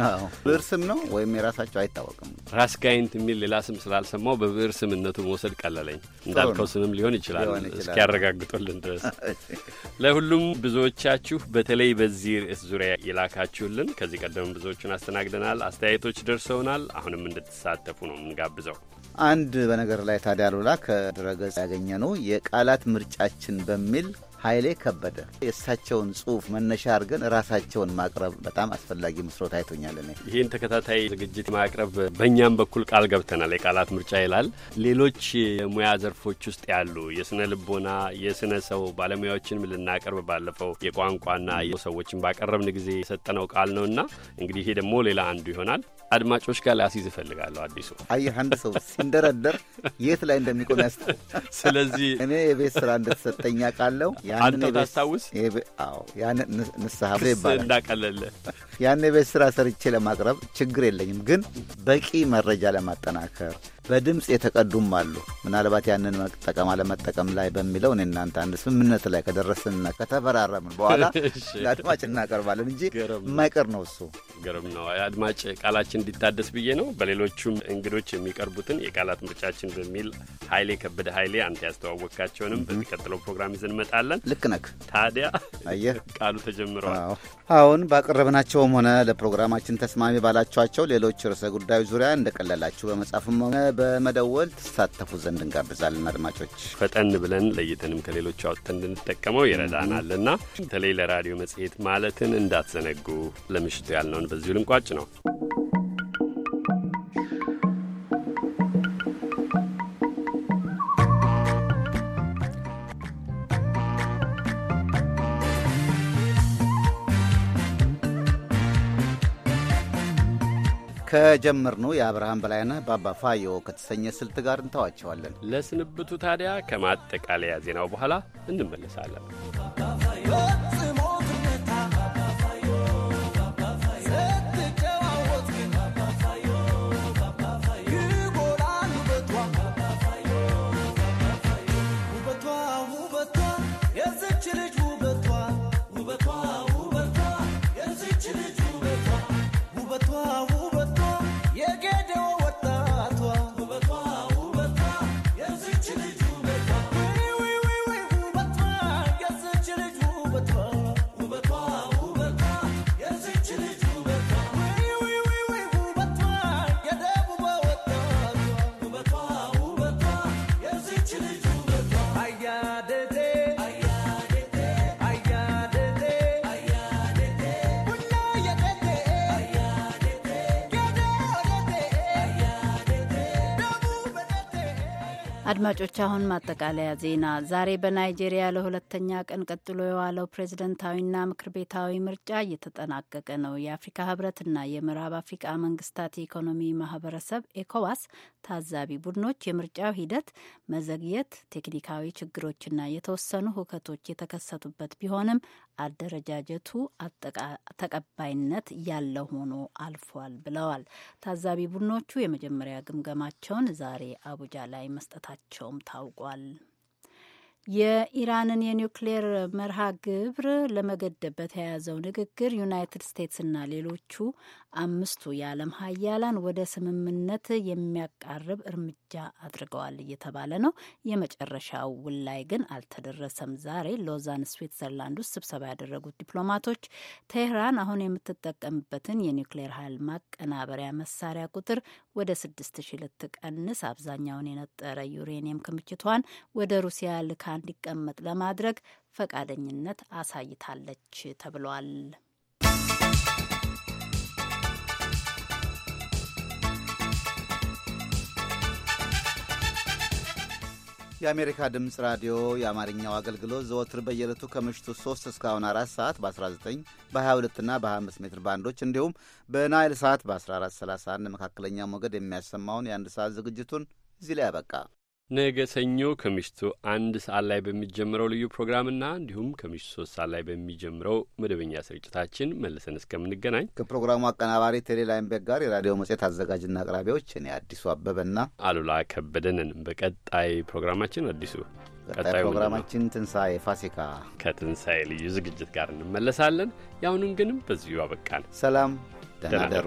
[SPEAKER 1] ብዕር ስም ነው ወይም የራሳቸው አይታወቅም።
[SPEAKER 2] ራስ ጋይንት የሚል ሌላ ስም ስላልሰማው በብዕር ስምነቱ መውሰድ ቀለለኝ። እንዳልከው ስምም ሊሆን ይችላል እስኪያረጋግጡልን ድረስ። ለሁሉም ብዙዎቻችሁ በተለይ በዚህ ርዕስ ዙሪያ የላካችሁልን ከዚህ ቀደም ብዙዎቹን አስተናግደናል። አስተያየቶች ደርሰውናል። አሁንም እንድትሳተፉ ነው የምንጋብዘው።
[SPEAKER 1] አንድ በነገር ላይ ታዲያ ሉላ ከድረገጽ ያገኘ ነው የቃላት ምርጫችን በሚል ኃይሌ ከበደ የእሳቸውን ጽሁፍ መነሻ አድርገን ራሳቸውን ማቅረብ በጣም አስፈላጊ መስሎ አይቶኛል። እኔ
[SPEAKER 2] ይህን ተከታታይ ዝግጅት ማቅረብ በእኛም በኩል ቃል ገብተናል። የቃላት ምርጫ ይላል። ሌሎች የሙያ ዘርፎች ውስጥ ያሉ የስነ ልቦና፣ የስነ ሰው ባለሙያዎችንም ልናቀርብ ባለፈው የቋንቋና ሰዎችን ባቀረብን ጊዜ የሰጠነው ቃል ነውና እንግዲህ ይሄ ደግሞ ሌላ አንዱ ይሆናል። አድማጮች ጋር ላስይዝ እፈልጋለሁ። አዲሱ
[SPEAKER 1] አየህ፣ አንድ ሰው ሲንደረደር የት ላይ እንደሚቆም ያስተ ስለዚህ እኔ የቤት ስራ እንደተሰጠኝ አውቃለሁ። አንተ ታስታውስ። ንስሐ ይባላል እንዳቀለለ ያን የቤት ስራ ሰርቼ ለማቅረብ ችግር የለኝም፣ ግን በቂ መረጃ ለማጠናከር በድምፅ የተቀዱም አሉ። ምናልባት ያንን መጠቀም አለመጠቀም ላይ በሚለው እኔ እናንተ አንድ ስምምነት ላይ ከደረስንና ከተፈራረምን በኋላ ለአድማጭ እናቀርባለን እንጂ የማይቀር ነው እሱ።
[SPEAKER 2] ግርም ነው አድማጭ ቃላችን እንዲታደስ ብዬ ነው። በሌሎቹም እንግዶች የሚቀርቡትን የቃላት ምርጫችን በሚል ኃይሌ ከበደ ኃይሌ አንተ ያስተዋወቅካቸውንም በሚቀጥለው ፕሮግራም ይዘን እንመጣለን። ልክ ነክ ታዲያ አየህ ቃሉ ተጀምረዋል።
[SPEAKER 1] አሁን ባቀረብናቸውም ሆነ ለፕሮግራማችን ተስማሚ ባላችኋቸው ሌሎች ርዕሰ ጉዳዮች ዙሪያ እንደቀለላችሁ በመጻፍም ሆነ በመደወል
[SPEAKER 2] ትሳተፉ ዘንድ እንጋብዛለን። አድማጮች ፈጠን ብለን ለይተንም ከሌሎች አውጥተን እንድንጠቀመው ይረዳናልና በተለይ ለራዲዮ መጽሔት ማለትን እንዳትዘነጉ። ለምሽቱ ያልነውን በዚሁ ልንቋጭ ነው።
[SPEAKER 1] ከጀመርነው የአብርሃም በላይነህ ባባ ፋዮ ከተሰኘ
[SPEAKER 2] ስልት ጋር እንተዋቸዋለን። ለስንብቱ ታዲያ ከማጠቃለያ ዜናው በኋላ እንመለሳለን።
[SPEAKER 4] አድማጮች አሁን ማጠቃለያ ዜና። ዛሬ በናይጄሪያ ለሁለተኛ ቀን ቀጥሎ የዋለው ፕሬዝደንታዊና ምክር ቤታዊ ምርጫ እየተጠናቀቀ ነው። የአፍሪካ ህብረትና የምዕራብ አፍሪካ መንግስታት የኢኮኖሚ ማህበረሰብ ኤኮዋስ ታዛቢ ቡድኖች የምርጫው ሂደት መዘግየት፣ ቴክኒካዊ ችግሮችና የተወሰኑ ሁከቶች የተከሰቱበት ቢሆንም አደረጃጀቱ ተቀባይነት ያለው ሆኖ አልፏል ብለዋል። ታዛቢ ቡድኖቹ የመጀመሪያ ግምገማቸውን ዛሬ አቡጃ ላይ መስጠታቸውም ታውቋል። የኢራንን የኒውክሌር መርሃ ግብር ለመገደብ በተያያዘው ንግግር ዩናይትድ ስቴትስና ሌሎቹ አምስቱ የዓለም ሀያላን ወደ ስምምነት የሚያቃርብ እርምጃ አድርገዋል እየተባለ ነው። የመጨረሻው ውል ላይ ግን አልተደረሰም። ዛሬ ሎዛን ስዊትዘርላንድ ውስጥ ስብሰባ ያደረጉት ዲፕሎማቶች ቴህራን አሁን የምትጠቀምበትን የኒውክሌር ኃይል ማቀናበሪያ መሳሪያ ቁጥር ወደ ስድስት ሺህ ልትቀንስ አብዛኛውን የነጠረ ዩሬኒየም ክምችቷን ወደ ሩሲያ ልካ እንዲቀመጥ ለማድረግ ፈቃደኝነት አሳይታለች ተብሏል።
[SPEAKER 1] የአሜሪካ ድምፅ ራዲዮ የአማርኛው አገልግሎት ዘወትር በየዕለቱ ከምሽቱ 3 እስካሁን 4 ሰዓት በ19 22 እና በ25 ሜትር ባንዶች እንዲሁም በናይል ሰዓት በ1431 መካከለኛ ሞገድ የሚያሰማውን የአንድ ሰዓት ዝግጅቱን እዚህ ላይ ያበቃ።
[SPEAKER 2] ነገ ሰኞ ከምሽቱ አንድ ሰዓት ላይ በሚጀምረው ልዩ ፕሮግራምና እንዲሁም ከምሽቱ ሶስት ሰዓት ላይ በሚጀምረው መደበኛ ስርጭታችን መልሰን እስከምንገናኝ ከፕሮግራሙ
[SPEAKER 1] አቀናባሪ ቴሌላይምቤክ ጋር የራዲዮ መጽሔት አዘጋጅና አቅራቢዎች እኔ አዲሱ አበበና
[SPEAKER 2] አሉላ ከበደንን በቀጣይ ፕሮግራማችን አዲሱ ቀጣይ ፕሮግራማችን ትንሣኤ ፋሲካ ከትንሣኤ ልዩ ዝግጅት ጋር እንመለሳለን። ያአሁኑን ግንም በዚሁ አበቃን። ሰላም ደህና ደሩ።